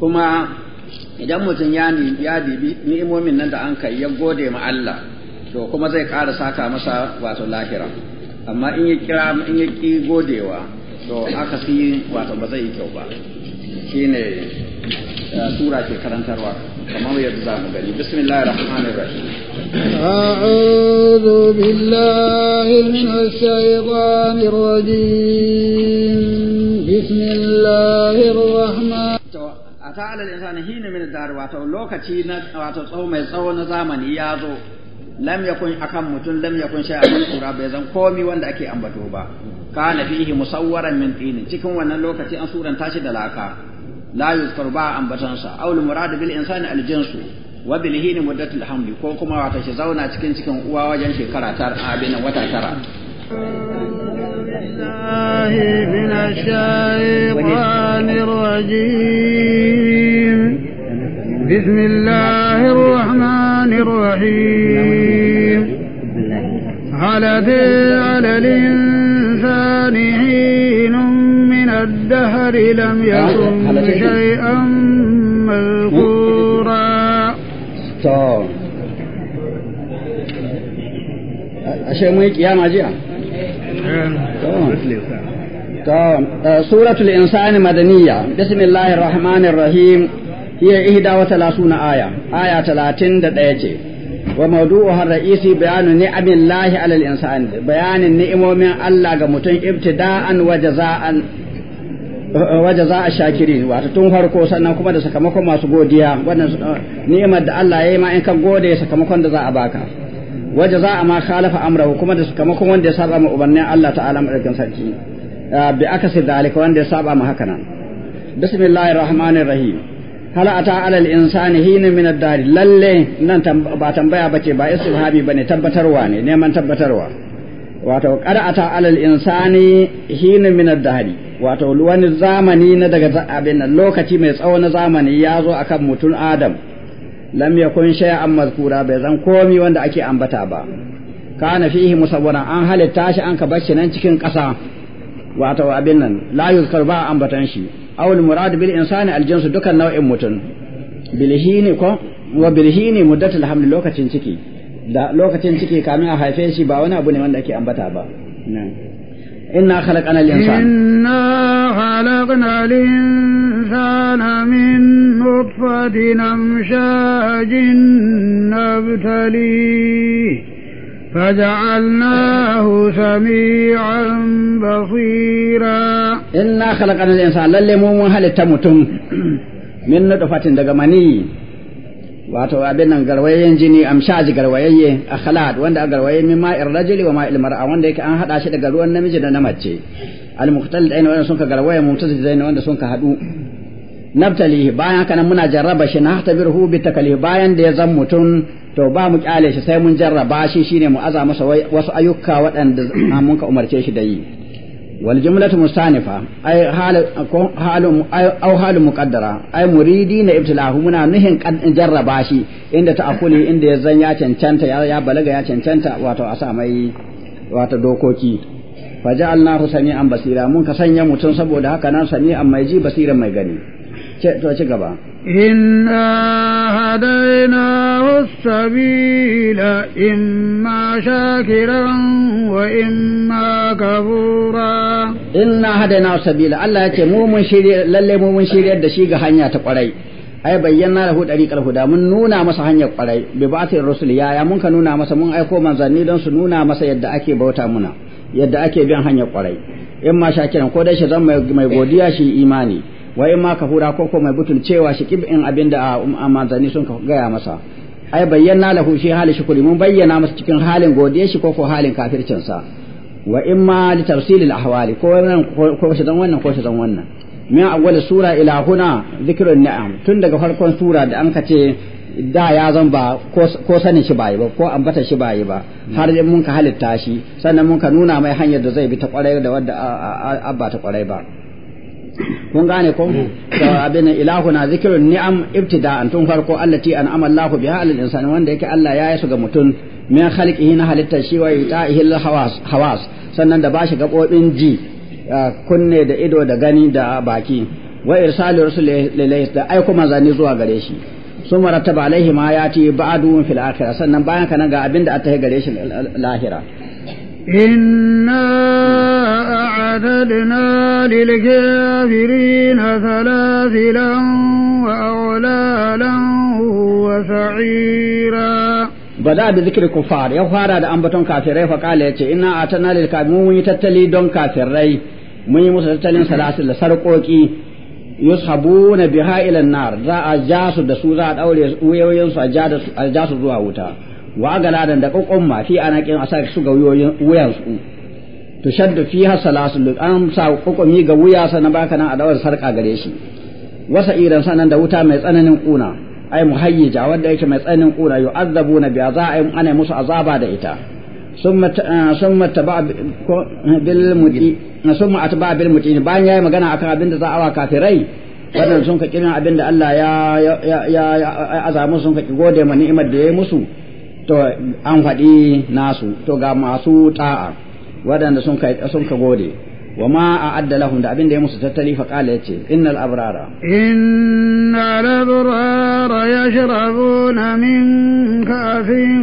kuma idan mutum ya bibi ni'imomin nan da an kai ya gode ma Allah to kuma zai ƙara saka masa wato lahira amma in ya kira in ya ki godewa to aka fi wato ba zai yi kyau ba shine eh, sura ke karantarwa kamar yadda za mu gani bismillahir rahmanir أعوذ بالله من الشيطان الرجيم بسم الله الرحمن ata alal insani hina min dar wato lokaci na tsawo mai tsawo na zamani ya zo lam yakun akan mutum lam yakun shay akan kura bai zan komi wanda ake ambato ba kana fihi musawwaran min cikin wannan lokaci an suranta shi da laka la yuzkar ba ambatansa aul murad bil insani al wa bilhin muddatul hamli ko kuma wata shi zauna cikin cikin uwa wajen shekara tar abin wata tara من الشيطان الرجيم بسم الله الرحمن الرحيم هل على الإنسان حين من الدهر لم يكن شيئا مذكورا to ashe mun yi kiyama jiya to eh, suratul insani madaniya bismillahir rahmanir rahim hiya ihda wa talasuna aya aya talatin da ɗaya ce wa mawdu'uha ra'isi bayanu ni'amillahi alal insani bayanin ni'imomin Allah ga mutum ibtida'an wa jaza'an waje za a shakiri wato tun farko sannan kuma da sakamakon masu godiya wannan eh, ni'imar da Allah ya yi ma in kan gode sakamakon da za a baka waje za a ma khalafa amrahu kuma da sakamakon wanda ya saba ma ubannin Allah ta'ala madaukakin sarki eh, bi akasi dalika wanda ya saba ma haka nan bismillahir rahmanir rahim hal ata alal insani hina min ad-dar lalle nan ba tambaya bace ba istifhabi bane tabbatarwa ne neman tabbatarwa wato qara'ata alal insani hina min ad-dahri wato wani zamani na daga abin nan lokaci mai tsawo na zamani ya zo akan mutum adam lam yakun shay'an mazkura bai zan komi wanda ake ambata ba kana fihi musawwaran an halitta shi an ka shi nan cikin ƙasa wato abin nan la yuzkar ba ambatan shi awul murad bil insani al jinsu dukkan nau'in mutum bilhini ko wa bilhini muddatul hamli lokacin ciki da lokacin ciki kamin a haife shi ba wani abu ne wanda ake ambata ba إنا خلقنا الإنسان إنا خلقنا الإنسان من نطفة أمشاج نبتليه فجعلناه سميعا بصيرا إنا خلقنا الإنسان للي مو هل تمتم من نطفة دقماني wato abin nan garwayayyen jini amshaji garwayayye akhlad wanda a garwaye min ma'ir rajuli wa ma'il mar'a wanda yake an hada shi daga ruwan namiji da na mace al muhtalidain wanda sun ka garwaye mutazidain wanda sun ka hadu nabtalihi bayan kana muna jarraba shi na nahtabirhu bi takali bayan da ya zan mutun to ba mu kyale shi sai mun jarraba shi shine mu aza masa wasu ayyuka waɗanda mun ka umarce shi da yi والجملة مستانفة أي حال حال أو حال مقدرة أي مريدين ابتلاه منا نهن قد جرب شي عند تأكله عند يزن يا تنتنت يا يا بلغ يا تنتنت واتو أسامي واتو دوكوكي فجعلناه سميعا بصيرا من كسن يمتن سبو ده كان سميعا ما يجي بصيرا ما يغني to ci gaba inna hadaina sabila imma shakiran wa imma kafura inna hadaina sabila Allah yace mu mun shirye lalle mu mun shiryar da shi ga hanya ta kwarai ai bayyana lahu dariqal huda mun nuna masa hanyar kwarai bi ba'athir rusul yaya mun ka nuna masa mun aiko manzanni don su nuna masa yadda ake bauta muna yadda ake bin hanyar kwarai in ma shakiran ko dai shi zan mai godiya shi imani wa in ma hura ko ko mai cewa shi kibin abinda um, a manzanni sun ka gaya masa ai bayyana lahu shi hali kuri mun bayyana masa cikin halin godiye shi ko ko halin kafircin sa wa in ma li tafsilil ahwali ko wannan ko shi dan wannan ko shi dan wannan min awwal sura ila huna dhikrun ni'am tun daga farkon sura da an kace da ya zan ba ko sanin shi bayi ba ko ambata shi bayi ba har in mun ka halitta shi sannan mun ka nuna mai hanyar da zai bi ta kwarai da wadda abba ta kwarai ba kun gane ko mm. to abin na zikrun ni'am ibtida'an tun farko allati an'ama Allahu biha alal insani wanda yake Allah ya yi su ga mutum min khalqihi na halitta shi wa ita'ihi hawas hawas sannan da bashi gabobin ji kunne da ido da gani da baki wa irsalu rusul da aiko manzani zuwa gare shi sun rattaba alaihi ma yati ba'du fil akhirah sannan bayan kana ga abinda da ta gare shi lahira إنا أعددنا للكافرين سلاسلا وأغلالا وسعيرا bada da zikirin kufar ya fara da ambaton kafirai fa kala yace ina atana lil kafirin mun yi tattali don kafirai mun yi musu tattalin salasin da sarkoki yushabuna biha ila nar za a jasu da su za a ɗaure wuyoyin a ja su zuwa wuta wa galadan da kokomma fi a asa su ga wuyan su to shadda fi hasalasul an sa kokomi ga wuya sana baka nan adawar sarka gare shi wasa iran sanan da wuta mai tsananin kuna ai muhayyija wanda yake mai tsananin kuna yu'azzabuna bi azabin ana musu azaba da ita summa summa taba bil muti summa ataba bil muti bayan yayi magana akan abin da za a wa kafirai wannan sun ka kirin abin da Allah ya ya ya azamu sun ka gode ma ni'imar da yayi musu to an faɗi nasu to ga masu ta'a waɗanda sun ka gode wa ma a'adda lahum da abin da ya musu tattali fa qala yace innal abrara innal abrara yashrabuna min kafin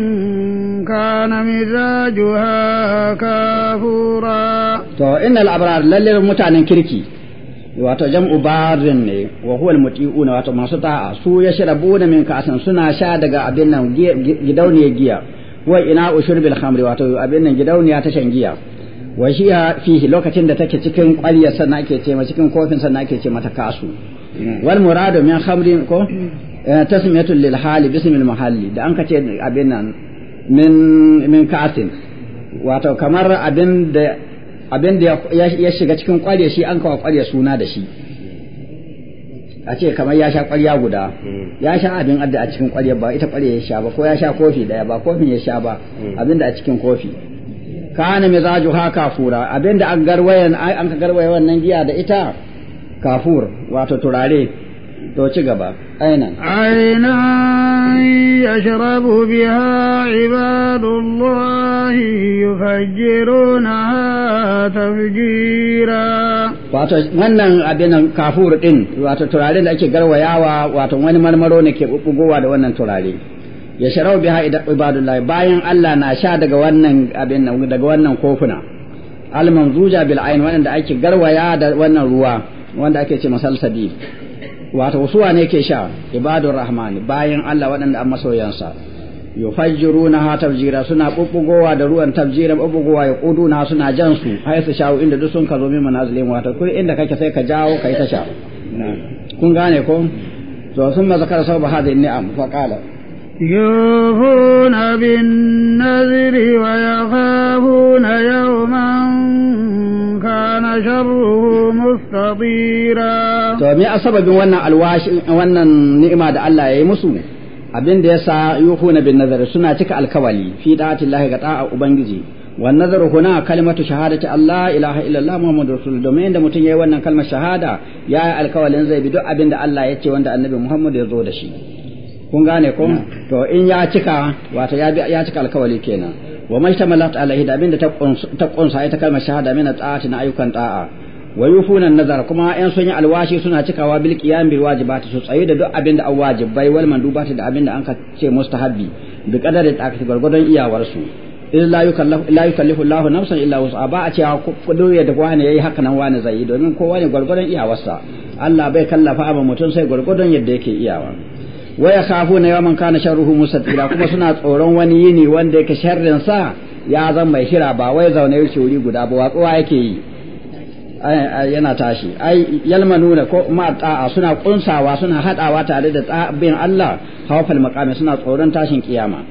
kana mizajuha kafura to innal abrara lalle mutanen kirki wato jam'u barin ne wa huwa almuti'una wato masu ta'a su yashrabuna min ka'san suna sha daga abin nan gidauniya giya wa ina ushurbil khamri wato abin nan gidauniya ta shan giya wa shiya fihi lokacin da take cikin ƙwaryar sannan ake ce cikin kofin sannan ake ce mata kasu wal muradu min khamrin ko eh, tasmiyatu lil hali bismil mahalli da an kace abin nan min min kasin wato kamar abin da abin da ya shiga cikin kwarya shi an kawo kwarya suna da shi a ce kamar ya sha kwarya guda hmm. ya sha abin adda a cikin kwarya ba ita kwarya ya sha ba ko ya sha kofi daya ba kofin ya sha ba hmm. abin da a cikin kofi kana mizaju ha kafura abin da an garwayan an ka garwaya wannan giya da ita kafur wato turare to ci gaba ainan ainan yashrabu biha ibadullahi yufajjirunaha tafjira wato wannan abin kafur din wato turare da ake garwayawa wato wani marmaro ne ke bugowa da wannan turare ya sharau biha ibadullahi bayan Allah na sha daga wannan abin daga wannan kofuna almanzuja bil ain wanda ake garwaya da wannan ruwa wanda ake ce masal wato suwa ne ke sha ibadur rahmani bayan Allah waɗanda an masoyansa yufajjiruna ha tafjira suna bubbugowa da ruwan tafjira bubbugowa ya quduna suna jan su hay su shawo inda duk sun ka zo min manazilin wato kun inda kake sai ka jawo kai ta sha kun gane ko to sun mazakar sau ba hadin ni'am fa qala يوفون بالنذر ويخافون يوما كان شره مستطيرا to me asababin wannan alwashi wannan ni'ima da Allah ya yi musu abin da yasa yuhuna bin nazar suna cika alkawali fi da'ati Allah ga da'a ubangiji wan nazar huna kalimatu shahadati Allah ilaha illallah muhammadur rasul domin da mutum yayi wannan kalmar shahada yayi alkawalin zai bi duk abin da Allah ya ce wanda annabi Muhammad ya zo da shi kun gane ko to in ya cika wato ya cika alkawali kenan wa mashtamalat alaihi da abinda ta kunsa ita kalmar shahada min ta'ati na ayyukan ta'a wa yufuna nazar kuma ayan sun yi alwashi suna cikawa bil qiyam bil wajibat su tsaye da duk abinda an bai wal mandubati da abinda an ka ce mustahabbi bi qadari ta'ati gurgudun iyawar su illa yukallifu Allah nafsan illa wus'a ba a ce kudu ya da wani yayi haka nan wani zai domin kowa ne gurgudun iyawarsa Allah bai kallafa ba mutum sai gurgudun yadda yake iyawa Waya wa na yawman kana sharruhu mustatira kuma suna tsoron wani yini wanda yake sharrin sa ya zan mai shira ba wai zaune yake wuri guda ba watsuwa yake yi yana tashi ai nuna ko a suna kunsawa suna haɗawa tare da bin Allah hawfal maqami suna tsoron tashin kiyama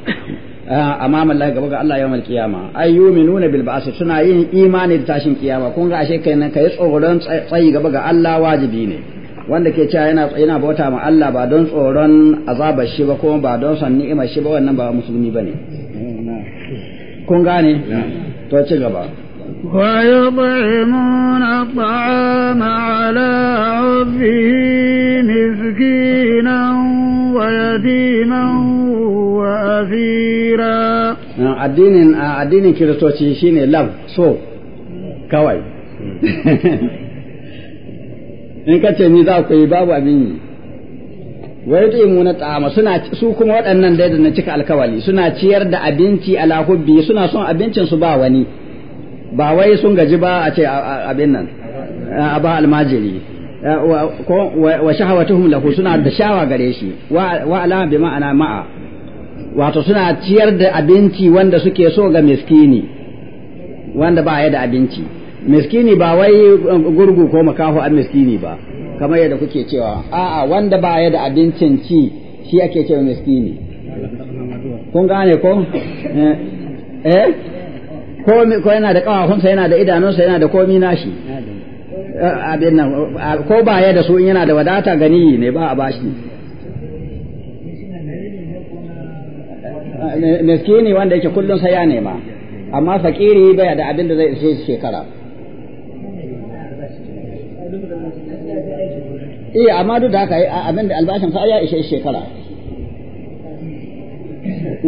amama Allah gaba ga Allah yawmal kiyama ai yuminuna bil ba'si suna yin imani da tashin kiyama kun ga ashe kai nan kai tsoron tsayi gaba ga Allah wajibi ne wanda ke cewa yana yana bauta ma Allah ba don tsoron azabar shi ba kuma ba don son ni'imar shi ba wannan ba musulmi bane kun gane to ci gaba ويطعمون الطعام على حبه مسكينا ويتيما وأسيرا addinin addinin kiristoci shine love so kawai in ka ce ni za ku yi babu abin yi wai mu na tsama suna su kuma waɗannan da na cika alkawali suna ciyar da abinci ala hubbi suna son abincin su ba wani ba wai sun gaji ba a ce abin nan a ba almajiri eh, wa shahawatuhum lahu suna da shawa gare shi wa ala bi ma'ana ma'a wato suna ciyar da abinci wanda suke so ga miskini wanda ba ya da abinci miskini ba wai um, gurgu ko makaho an miskini ba kamar yadda kuke cewa a'a wanda ba ya da abincin ci shi ake cewa miskini kun gane ko eh, eh? ko ko yana da kawafinsa yana da idanunsa yana da komi nashi eh, abin nan uh, ko ba ya da su in yana da wadata gani ne ba a bashi eh, miskini wanda yake kullum sai ya nema amma fakiri bai da abin da zai ishe shekara eh amma duk da haka eh, abin da albashin ka ya ishe shekara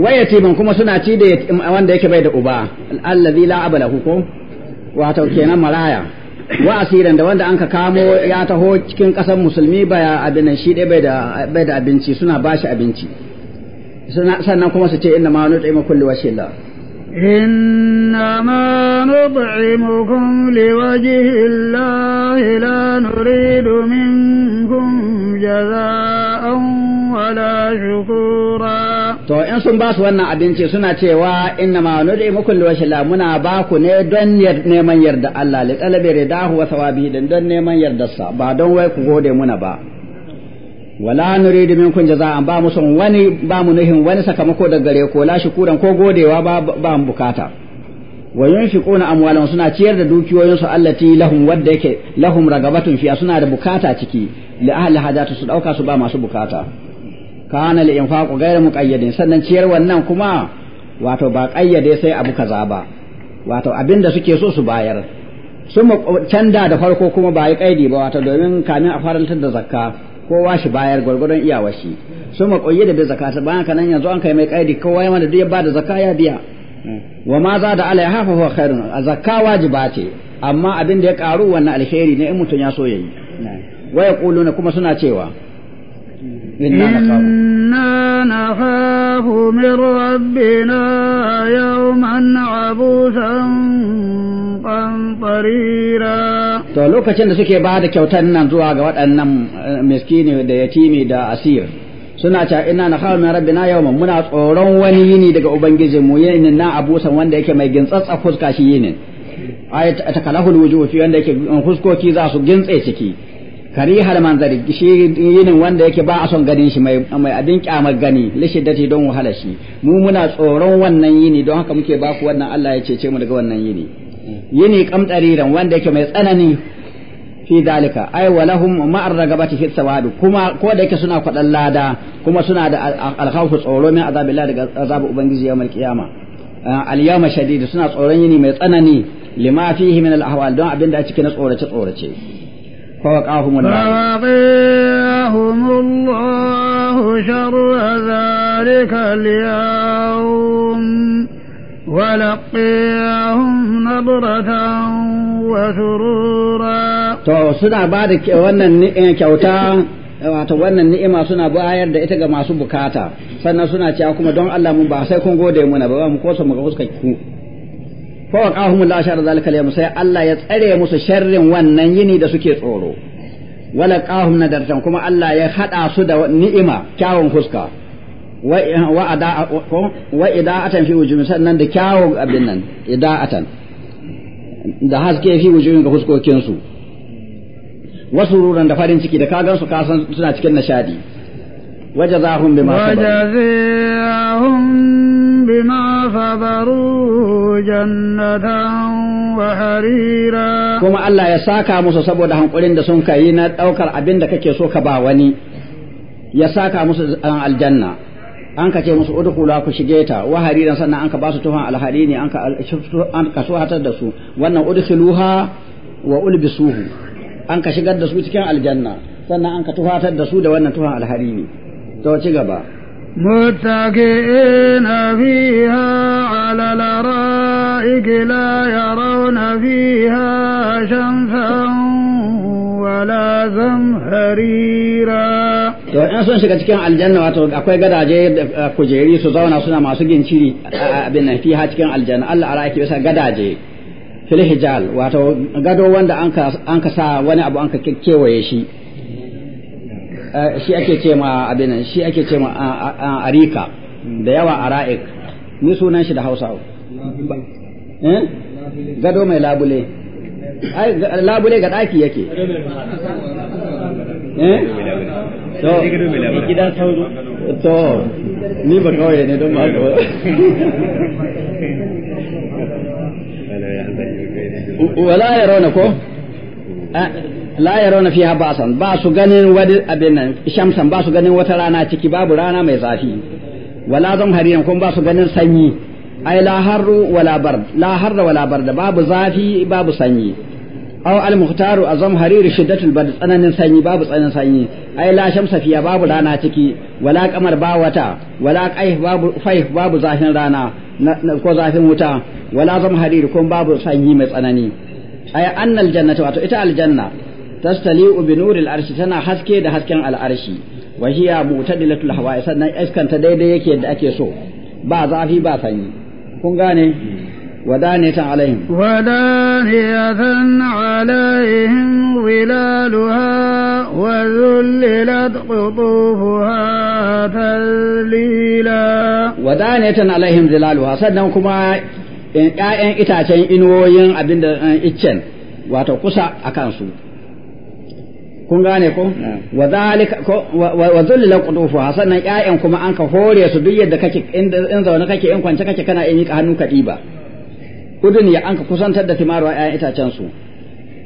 waya timan kuma suna ci da wanda yake bai da uba allazi la abala ko wato kenan maraya wa asiran da wanda anka kamo ya taho cikin kasar musulmi ba abin shi dai bai da abinci suna ba shi abinci sannan kuma su ce inna ma nutima kulli Allah. إنما نطعمكم لوجه الله لا نريد منكم جزاء ولا شكورا to in sun ba su wannan abinci suna cewa inna ma nud'imukum liwajhillah muna ba ku ne don neman yarda Allah li talabi ridahu wa thawabi don neman yardarsa ba don wai ku gode muna ba wala nuridu minkum jaza'an ba mu son wani ba mu nuhin wani sakamako daga gare ko la shukuran ko godewa ba ba mu bukata wa yunfiquna amwalan suna ciyar da dukiyoyin su allati lahum wadda yake lahum ragabatun fi suna da bukata ciki li ahli hajatu su dauka su ba masu bukata kana li infaqu ghayra muqayyadin sannan ciyar wannan kuma wato ba kayyade sai abu kaza ba wato abinda suke so su bayar sun canda da farko kuma ba yi kaidi ba wato domin kamin a farantar da zakka kowa shi bayar gwargwadon iyawar shi su ma koyi da bi zakata bayan kanan yanzu an kai mai kaidi kowa yana da duk ya bada zaka ya biya wa ma za da ya hafa huwa khairun zakka wajiba ce amma abin da ya karu wannan alheri ne in mutun ya so yayi wa yaquluna kuma suna cewa إنا نخاف من ربنا يوما عبوسا قمطريرا to lokacin da suke ba da kyautar nan zuwa ga waɗannan eh, miskini da yatimi da asir suna cewa ina na kharu min rabbina yawman muna tsoron wani yini daga ubangijinmu yinin na abusan wanda yake mai gintsatsa fuska shi yinin ayat takalahul wujuh fi wanda yake eh, fuskoki za su gintse ciki karihal manzari shi yinin wanda yake ba a son ganin shi mai mai abin kyamar gani lishiddati don wahala shi mu muna tsoron wannan yini don haka muke baku wannan Allah ya cece mu daga wannan yini yini kamtariran wanda yake mai tsanani fi dalika ay walahum ma arragabati fi sawad kuma ko da yake suna kwadan lada kuma suna da alkhawfu tsoro min azabillah daga azabu ubangiji yawmal qiyama ah, al yawma shadid suna tsoron yini mai tsanani lima fihi min al ahwal don abinda a cikin tsorace tsorace فوقاهم الله فوقاهم الله شر ذلك اليوم ولقيهم نظرة وسرورا to suna ba da wannan eh, kyauta wato wannan ni'ima suna bayar da ita ga masu bukata sannan suna cewa kuma don Allah mun ba sai kun gode muna ba mu kosa mu ga fuskar ku فوقاهم الله شر ذلك اليوم سي الله tsare musu sharrin wannan yini da suke tsoro walaqahum nadaratan kuma Allah ya haɗa su da ni'ima kyawun fuska wa ada wa ida'atan fi wujuhin sannan da kyawun abin nan da haske fi wujuhin ga fuskokin wasu ruran da farin ciki da kagan su kasan suna cikin nishadi wajazahum bima sabaru wajazahum بما صبروا جنة وحريرا كما الله يساكا موسى سبو دهن قلن دسون كينا أوكر أبين دكك سوكا باواني يساكا موسى الجنة anka ce musu udkhula ku shige ta wa sannan anka ba su tuhan alhari ne anka anka da su wannan udkhuluha wa ulbisuhu anka shigar da su cikin aljanna sannan tuhatar da su da wannan tuhan alhari ne to ci gaba متكئين فيها على الأرائك لا يرون فيها شمسا ولا زمهريرا to in sun shiga cikin aljanna wato akwai gadaje kujeri su zauna suna masu ginciri abin nan fiha cikin aljanna Allah ala yake bisa gadaje fil hijal wato gado wanda an ka sa wani abu an ka kewaye shi Eh, shi ake ce ma abin shi ake ce ma arika da yawa ara'ik ni sunan shi da Hausa eh gado mai labule ai labule ga daki yake eh to to ni ba kawai ne don ba wala ya rauna ko la yarawna fiha ba'san ba su ganin wani abin nan shamsan ba su ganin wata rana ciki babu rana mai zafi wala zan hariyan kun ba su ganin sanyi ai la harru wala bard la harra wala bard babu zafi babu sanyi aw al muhtaru azam harir shiddatul bard tsananin sanyi babu tsananin sanyi ai la shamsa fiya babu rana ciki wala kamar ba wata wala qaih babu faih babu zafin rana ko zafin wuta wala zam harir kun babu sanyi mai tsanani ai annal jannatu wato ita aljanna Tastali bi nuril arshi tana haske da hasken al'arshi wa hiya mu'tadilatul hawa'i sannan iskan daidai yake da ake so ba zafi ba sanyi kun gane ودانية عليهم ودانية عليهم ظلالها وذللت قطوفها تذليلا ودانية عليهم ظلالها sannan kuma eh, ‘ya'yan itacen inuwoyin abin da eh, iccen wato kusa a kansu kun gane ko wa zalika ko wa zullila qudufu ƴaƴan kuma an ka hore su duk yadda kake in zaune kake in kwance kake kana in ka hannu ka diba udun ya an ka kusantar da a ƴaƴan itacen su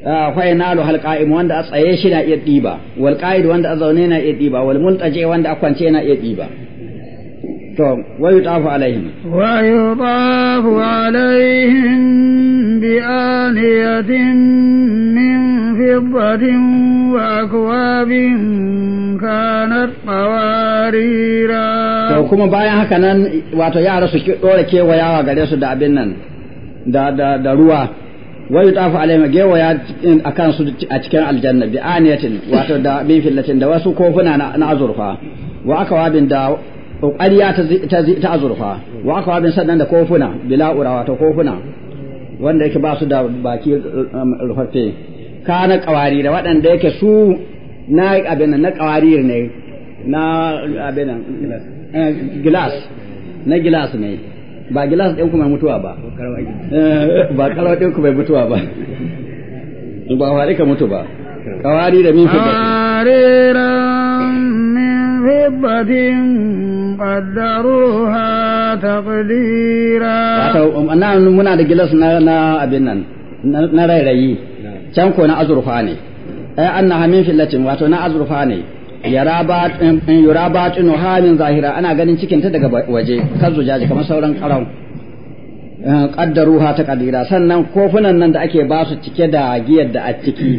ah, fa yanalu hal qa'im wanda a tsaye shi na iya diba wal qa'id wanda a zaune na iya diba wal multaje wanda a kwance na iya diba to wa yutafu alaihim wa yutafu alaihim bi aniyatin min fiddatin wa akwabin kanat qawarira to kuma bayan haka nan wato yara su dore kewayawa gare su da abin nan da ruwa wa yutafu alaihim gewaya akan su a cikin aljanna bi wato da min fillatin da wasu kofuna na azurfa wa akwabin da ƙwariya ta azurfa wa aka abin sannan da kofuna bila urawa ta kofuna wanda yake ba su da baki um, rufaffe ka na ƙawari da waɗanda yake su na abin na ƙawari ne na abin eh, gilas na gilas ne ba gilas ɗin kuma eh, mutuwa ba ba ƙarwa ɗin kuma mutuwa ba ba wari ka mutu ba ƙawari da min fi ƙawari da min fi taqdira wato nan muna da gilas na abin nan na rairayi can ko na azurfa ne ai anna hamin fillatin wato na azurfa ne yura batinu halin zahira ana ganin cikin ta daga waje kan zujaji kamar sauran karau qaddaruha ta kadira sannan kofunan nan da ake ba su cike da giyar da a ciki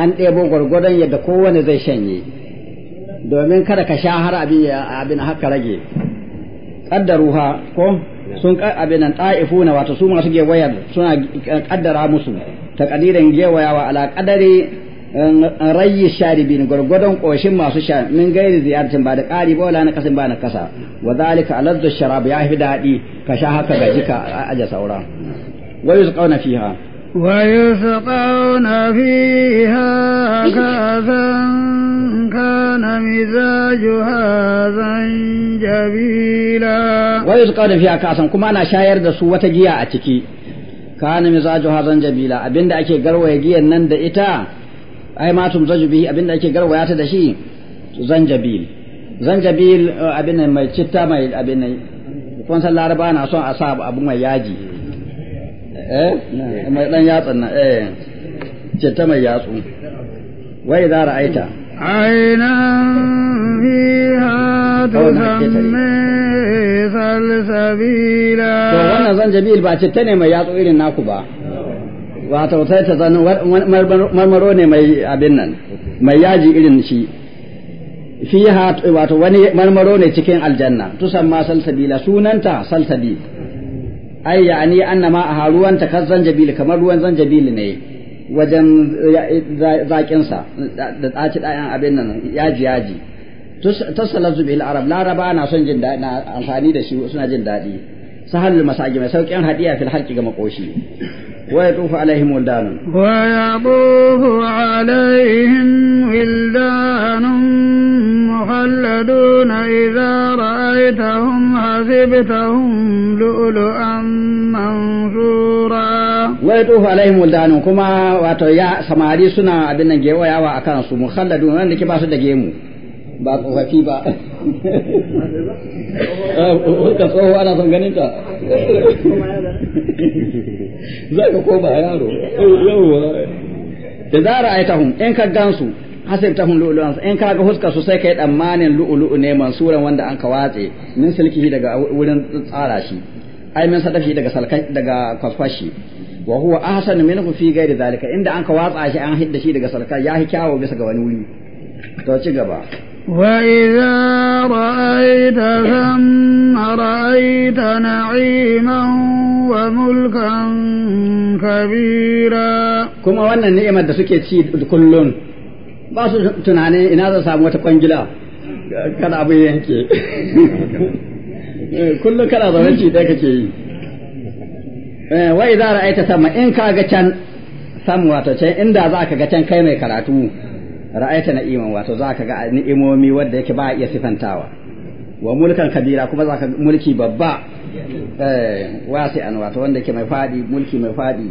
an ɗebo gwargwadon yadda kowane zai shanye domin kada ka sha har abin haka rage kaddaruha ko sun abin ta'ifuna wato su masu gewayar suna kaddara musu ta kadirin gewayawa ala kadari um, rayi sharibin gurgudun koshin masu sha min gairi ziyartin ba da ƙari ba wala na kasin ba na kasa wa zalika aladdu sharab ya fi daɗi ka sha haka ga jika aja saura wa yusqawna fiha ويسقون فيها كأسا كان مزاجها زنجبيلا ويسقون فيها كأسا كما أنا شاير دا سوة وتجيا أتكي كان مزاجها زنجبيلا أبين دا أكي قروا يجيا نند إتا أي ما تمزج به أبين دا أكي قروا ياتا دشي زنجبيل زنجبيل أبين ما يتشتا ما أبين kun san laraba na son a sa abu mai yaji eh mai dan yatsan nan eh citta mai yatsu wa idza ra'aita aina fiha tusammi salsabila to wannan zan jabil ba citta ne mai yatsu irin naku ba wato sai ta zan marmaro ne mai abin nan mai yaji irin shi fiha wato wani marmaro ne cikin aljanna tusamma salsabila sunanta salsabil ai yani annama a ruwan ta kan zanjabil kamar ruwan zanjabil ne wajen zaƙin sa da tsaci ɗayan abin nan yaji yaji tasalazu bil arab laraba na son jin daɗi na amfani da shi suna jin daɗi sahal masaji mai sauƙin hadiya fil halki ga makoshi ويطوف عليهم ولدان ويطوف المخلدون إذا رأيتهم حسبتهم لؤلؤا منثورا ويطوف عليهم ولدان كما واتو يا سماري سنا أبنا جيوا يا وأكان سو مخلدون أنا كي باسو دجيمو ba tsofaffi ba ka tsoho ana son ganin ta za ka koma yaro yawwa da zara ayatahum in ka gansu luu lu'lu'an in ka ga huska su sai kai tsammanin lu'lu'u ne mansuran wanda an ka watse min silkihi daga wurin tsara shi ai min sadafi daga salkai daga kwasfashi wa huwa ahsan minhu fi ghairi zalika inda an ka watsa shi an hidda shi daga salkai ya hi kyawo bisa ga wani wuri to ci gaba وإذا رأيت ثم رأيت نعيما وملكا كبيرا كما وانا النعمة da suke ci kullun ba su tunanin ina zan samu wata kwangila kada abin yanke eh, kullum kana zaune ci ɗaya kake yi eh, wa idza ra'aita sama in ka ga can sam wato can inda za ka ga can kai mai karatu ra'aita na'iman wato za ka ga ni'imomi wanda yake ba iya sifantawa wa mulkan kabira kuma za ka mulki babba eh wasi an wato wanda yake mai fadi mulki mai fadi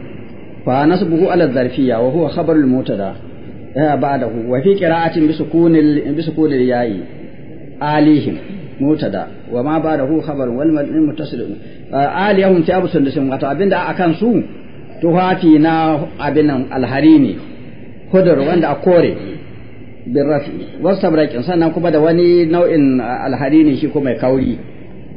fa nasbuhu ala zarfiyya wa huwa khabarul mutada eh, ba'dahu wa fi qira'atin bi sukunil bi sukunil ya'i alihim mutada wa ma ba'dahu khabarun wal muttasil eh, alihum tiabu sundusin wato abinda akan su tufafi na abinan alharini ne hudur wanda a kore bin rafi wasu sannan kuma da wani nau'in eh, alharini shi kuma mai kauri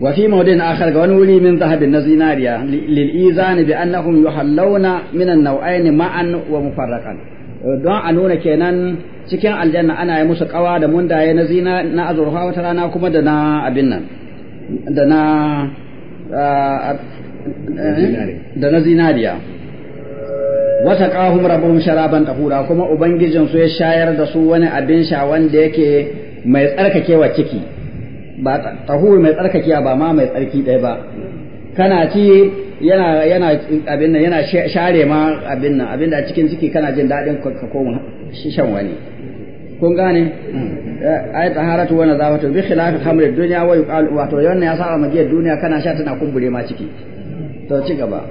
wa fi mawdin akhar ga wani wuri min zahabin na zinariya lil izani bi annahum yuhallawna min an-naw'ain ma'an wa mufarraqan don a nuna kenan cikin aljanna ana musu kawa da mundaye na zina na azurfa wata rana da na abin nan da na da na zinariya wata kahum rabbuhum sharaban tahura kuma ubangijin su ya shayar da su wani abin sha wanda yake mai tsarkakewa ciki ba tahur mai tsarkakiya ba ma mai tsarki ɗaya ba kana ci yana yana abin nan yana share ma abin nan abin da cikin ciki kana jin daɗin ka koma shan wani kun gane eh, ayat taharatu wa nazafatu bi khilafi khamr dunya wa yuqal wato wannan ya saba magiyar duniya kana sha tana kumbure ma ciki to ci gaba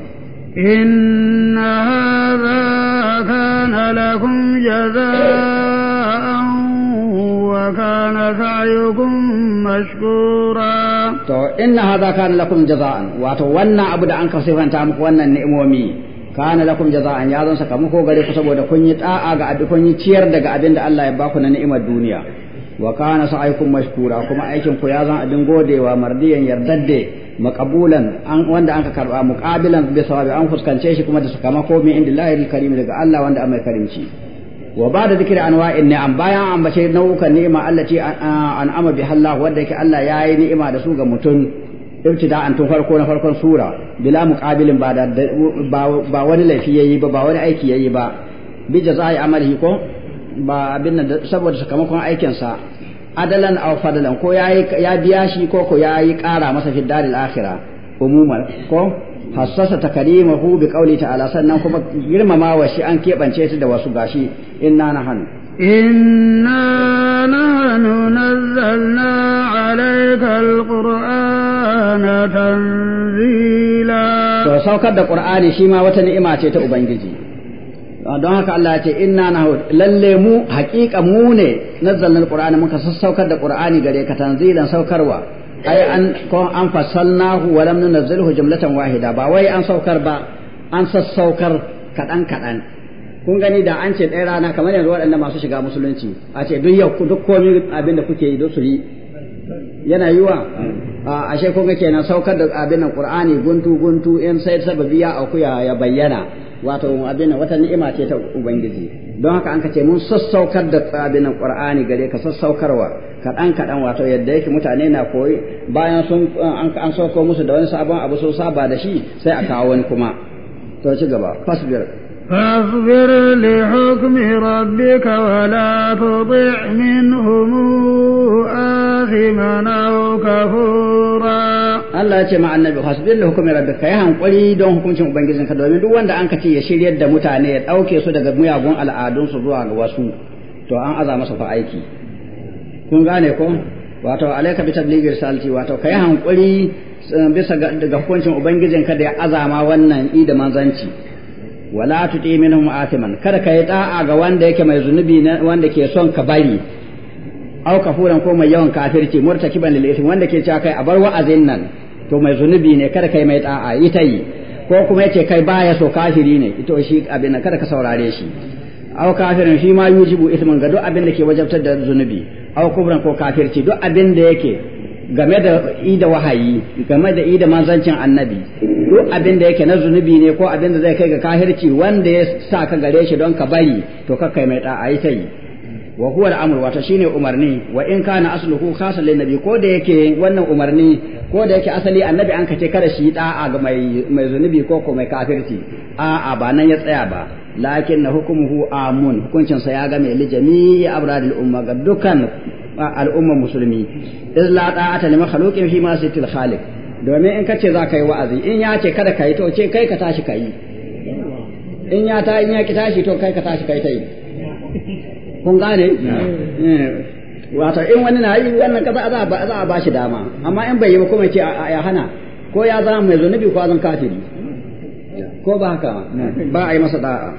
إن هذا كان لكم جزاء وكان سعيكم مشكورا تو إن هذا كان لكم جزاء واتو ونا أبدا أنك صفان تامك ونا kana lakum jaza'an ya zan saka muku gare ku saboda kun yi da'a ga abin kun yi ciyar daga abin da Allah ya baku na ni'imar duniya wa kana sa'aykum mashkura kuma aikin ku ya zan abin godewa mardiyan yardadde maqabulan an wanda anka karba muqabilan bi sawabi an fuskance shi kuma da sakamako min indillahi karim daga Allah wanda amai karimci wa ba da zikir anwa'in ni'am bayan ambace nau'ukan ni'ima Allah ce an'ama bi Allah wanda Allah ya yi ni'ima da su ga mutum ibtida'an tun farko na farkon sura bila muqabilin ba da ba wani laifi yayi ba ba wani aiki yayi ba bi jazaa'i amalihi ko ba abin nan saboda sakamakon aikin sa adalan aw fadalan ko ya biya shi ko ko yayi kara masa fi dalil akhirah umuman ko hassasa takarimahu bi qawli ta'ala sannan kuma girmamawa shi an keɓance shi da wasu gashi إنا نحن إنا نحن نزلنا عليك القرآن تنزيلا to saukar da Qur'ani shi ma wata ni'ima ce ta Ubangiji don haka Allah ya ce inna nahu lalle mu haƙiƙa mu ne nazzalna alqur'ana muka sassaukar da Qur'ani gare ka tanzilan saukarwa ai an ko an fasalnahu wa lam nunzilhu jumlatan wahida ba wai an saukar ba an sassaukar kadan kadan kun gani da an ce ɗaya rana kamar yanzu waɗanda masu shiga musulunci a ce duk yau duk komi abin da kuke yi su yana yiwa ashe kun ga kenan saukar da abin nan qur'ani guntu guntu in sai sababi ya auku ya bayyana wato abin nan wata ni'ima ce ta ubangiji don haka an ka ce mun sassaukar da abin nan qur'ani gare ka sassaukarwa kaɗan kaɗan wato yadda yake mutane na koyi bayan sun an sauko musu da wani sabon abu sun saba da shi sai a kawo wani kuma to ci gaba fasbir فاصبر لحكم ربك ولا تطع منهم آثما أو كفورا Allah ya ce ma annabi hasbir li hukmi rabbika kai حكم don hukuncin ubangijinka من دوان wanda an يشير ya shiryar da mutane ya dauke su daga muyagun al'adun su zuwa ga wasu to an aza كون fa wato alayka bi tablighi risalati wato kai hankuri bisa ga hukuncin ubangijinka da ya azama wannan i manzanci wala tuti minhum atiman kada kai da'a ga wanda yake mai zunubi wanda ke son ka bari au kafuran ko mai yawan kafirci murtaki lil ism wanda ke cewa kai a bar wa'azin nan to mai zunubi ne kada kai mai da'a ita yi ko kuma yace kai baya so kafiri ne ito shi abin nan kada ka saurare shi au kafirin shi ma yujibu isman ga duk abin da ke wajabtar da zunubi au kufran ko kafirci duk abin da yake game da ida wahayi game da ida manzancin annabi duk abin da yake na zunubi ne ko abin da zai kai ga kahirci wanda ya sa ka gare shi don ka bari to ka kai mai da'a yi ta yi wa huwa al-amr umarni wa in kana asluhu khasan lin nabi ko da yake wannan umarni ko da yake asali annabi an kace kada shi da'a ga mai mai zunubi ko ko mai kafirci a'a ba nan ya tsaya ba lakin na hukumuhu amun hukuncin sa ya ga mai jami'i abradil umma ga dukkan al'umma musulmi iz la ta'ata li makhluqin fi ma sitil khaliq domin in ka ce za ka yi wa'azi in ya ce kada ka yi to ce kai ka tashi ka yi in ya ta in ya ki tashi to kai ka tashi ka yi ta yi kun gane eh. wato in wani na yi wannan kasa za a za a bashi dama amma in bai yi ba kuma ce ya hana ko ya zama mai zunubi ko azan kafiri ko ba haka ba a yi masa da'a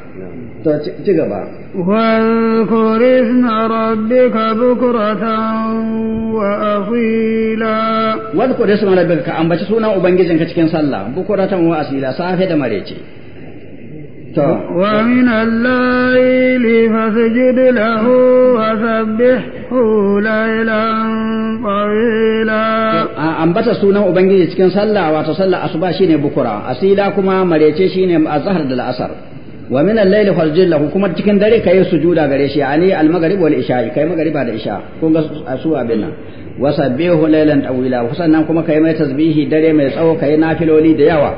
to ci gaba واذكر اسم ربك بكرة وأصيلا واذكر اسم ربك كأن بتسونا وبنجزن كتكين صلى بكرة وأصيلا صافي دمريتي ومن الليل فسجد له وسبحه ليلا طويلا ambata sunan ubangiji cikin sallah wato sallah asuba shine bukura asila kuma marece shine wa min laili layli fasjud lahu kuma cikin dare kai sujuda gare shi yani al-maghrib wal isha kai magriba da isha kun ga su nan wa sabbihu laylan tawila sannan kuma kai mai tasbihi dare mai tsawo kai nafiloli da yawa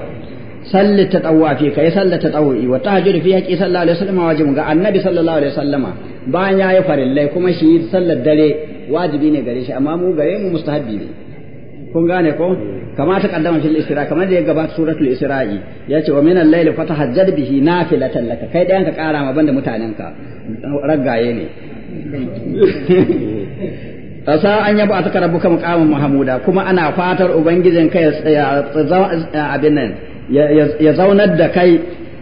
salli tatawwa fi kai salli tatawwi wa tahajjud fi haqqi sallallahu alaihi wasallam wajib ga annabi sallallahu alaihi wasallama bayan yayi farillai kuma shi sallar dare wajibi ne gare shi amma mu gare mu mustahabbi ne kun gane ko kama ta kaddama fil isra kamar da ya gabata suratul isra'i yace wa minal layli fatahajjad bihi nafilatan laka kai dayan ka kara ma banda mutanen ka raggaye ne asa an yaba ta karabu kama mahmuda mahamuda kuma ana fatar ubangijin kai ya ya zaunar da kai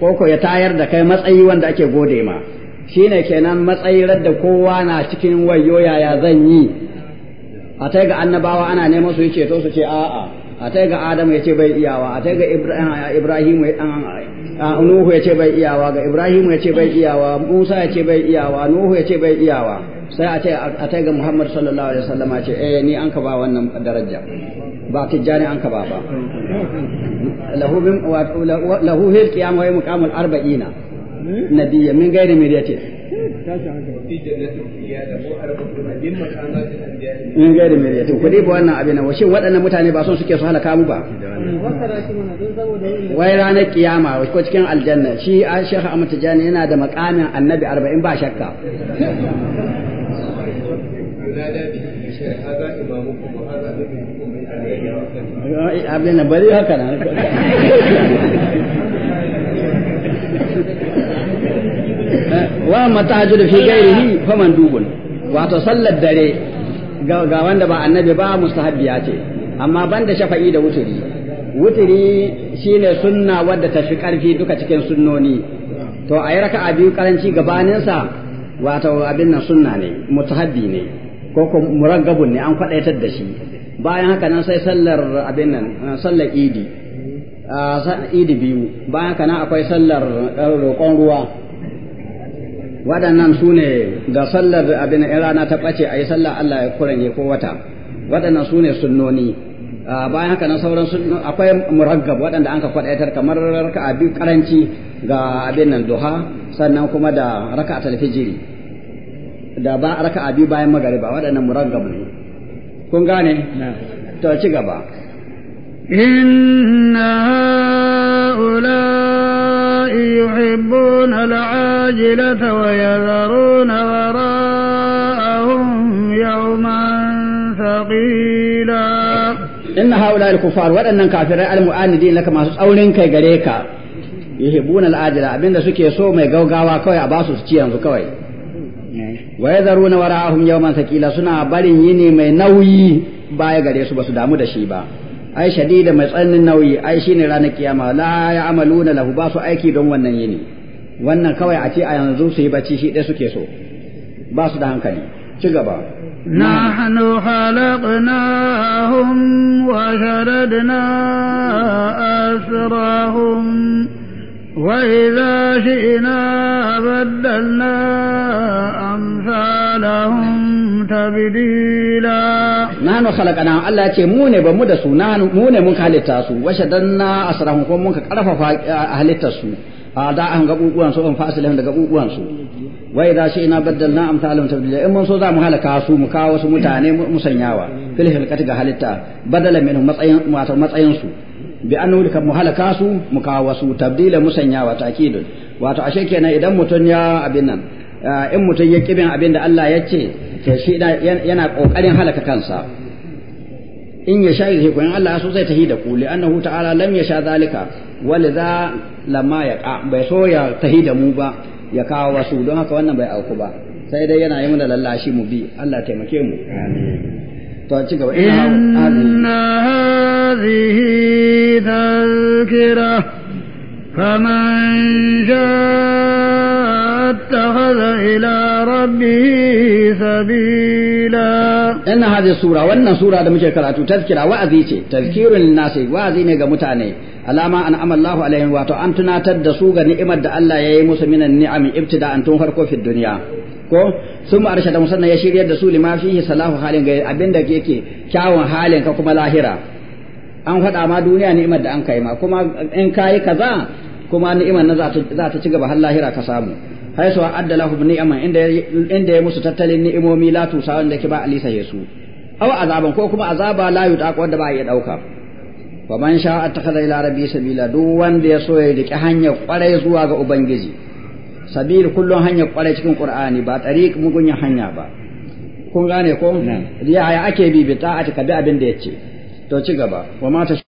ko ya tayar da kai matsayi wanda ake gode ma shine kenan matsayi da kowa na cikin wayo yaya zan yi a ta ga annabawa ana neman su yi ceto su ce a'a a ta ga adamu ya ce bai iyawa a ta ga ibrahimu nuhu ya ce bai iyawa ga ibrahimu ya ce bai iyawa musa ya ce bai iyawa nuhu ya ce bai iyawa sai a ce a ta ga muhammad sallallahu alaihi wasallam ce eh ni an ka ba wannan daraja ba tijjani an ka ba ba lahu lahu hil qiyam wa muqamul arba'ina nabiyya min gairi miryatin in gairi miryatin ku dai ba wannan abin wa shin waɗannan mutane ba son suke su halaka mu ba wai ranar kiyama ko cikin aljanna shi Sheikh Ahmad Tijani yana da makamin Annabi arba'in ba shakka abin bari haka nan wa mata fi gairihi faman dubun wato sallar dare ga wanda ba annabi ba mustahabbiya ce amma banda shafa'i da wuturi wuturi shine sunna wadda ta fi karfi duka cikin sunnoni to a yi raka'a biyu karanci gabanin sa wato abin nan sunna ne mutahabbi ne ko ko muraggabun ne an kwadaitar da shi bayan haka nan sai sallar abin nan sallar idi ah, idi biyu bayan haka nan akwai sallar eh, roƙon ruwa waɗannan su ne da sallar abin rana ta ɓace a yi sallar Allah ya kuranye ko wata waɗannan su ne sunnoni bayan haka na sauran sun akwai muraggab waɗanda an ka kwaɗaitar kamar raka a biyu karanci ga abin nan duha sannan kuma da raka a talfijiri da ba raka a biyu bayan magariba waɗannan muraggab ne kun gane to ci gaba inna ula يحبون العالم العاجلة ويذرون وراءهم يوما ثقيلا إن هؤلاء الكفار وأن الكافرين المعاندين لك ما سأولين كي غريكا يهبون العاجلة أبين سكي سو مي غوغاوا كوي أباسو ستيان ذو كوي ويذرون وراءهم يوما ثقيلا سنا بارين يني مي نوي baya gare su ba دشيبا أي شديد shi ba النوي أي شيني tsananin nauyi ai shine ranar kiyama la ya'maluna lahu ba su wannan kawai a ce a yanzu su yi bacci shi ɗaya suke so ba su da hankali ci gaba نحن خلقناهم وشردنا أسرهم وإذا شئنا بدلنا أمثالهم تبديلا نحن خلقنا الله يتي مونة بمدسو نحن مونة منك هلتاسو وشدنا أسرهم ومنك أرفف هلتاسو adaan gabubuwan su in fasilan da gabubuwan su wai da shi ina baddalna amsalun tabdila in mun so za mu halaka su mu kawo wasu mutane mu sanyawa fil halkati ga halitta badala min matsayin wato matsayin su bi annu lika mu halaka su mu kawo wasu tabdila mu sanyawa ta'kidun wato ashe kenan idan mutun ya abin nan eh, in mutun ya kibin abin da Allah ya ce to shi yana kokarin halaka kansa in ya sha ce kun Allah so zai tahi da ku na annahu ta'ala lam sha zalika walidha lamma ya bai so ya tahi da mu ba ya kawo wasu don haka wannan bai auku ba sai dai yana yi mana lallashi mu bi Allah taimake mu to ci gaba inna hadhihi dhikra فمن جاء اتخذ إلى ربه سبيلا إن هذه السورة وإن سورة دم كراتو تذكر وأذيتي تذكير للناس وأذيني قمتاني alama an amallahu alaihim wato an tunatar da su ga ni'imar da Allah ya yi musu minan ni'am ibtida an tun farko fi duniya ko sun ma arshada musanna ya shirya da su lima shi salahu halin ga abinda yake kyawun halin ka kuma lahira an faɗa ma duniya ni'imar da an kai ma kuma in kayi kaza kuma ni'imar nan za ta ci gaba har lahira ka samu haisu adda lahu ni'ama inda inda ya musu tattalin ni'imomi la sa wanda ke ba alisa yesu aw azaban ko kuma azaba la yutaq wanda ba ya dauka fa man sha'a attakhadha ila rabbi sabila duk wanda ya so ya riki hanyar kwarai zuwa ga ubangiji sabil kullun hanyar kwarai cikin qur'ani ba tariq mugunya hanya ba kun gane ko riya ake bi bi ta'ati ka bi abin da yace to ci gaba wa mata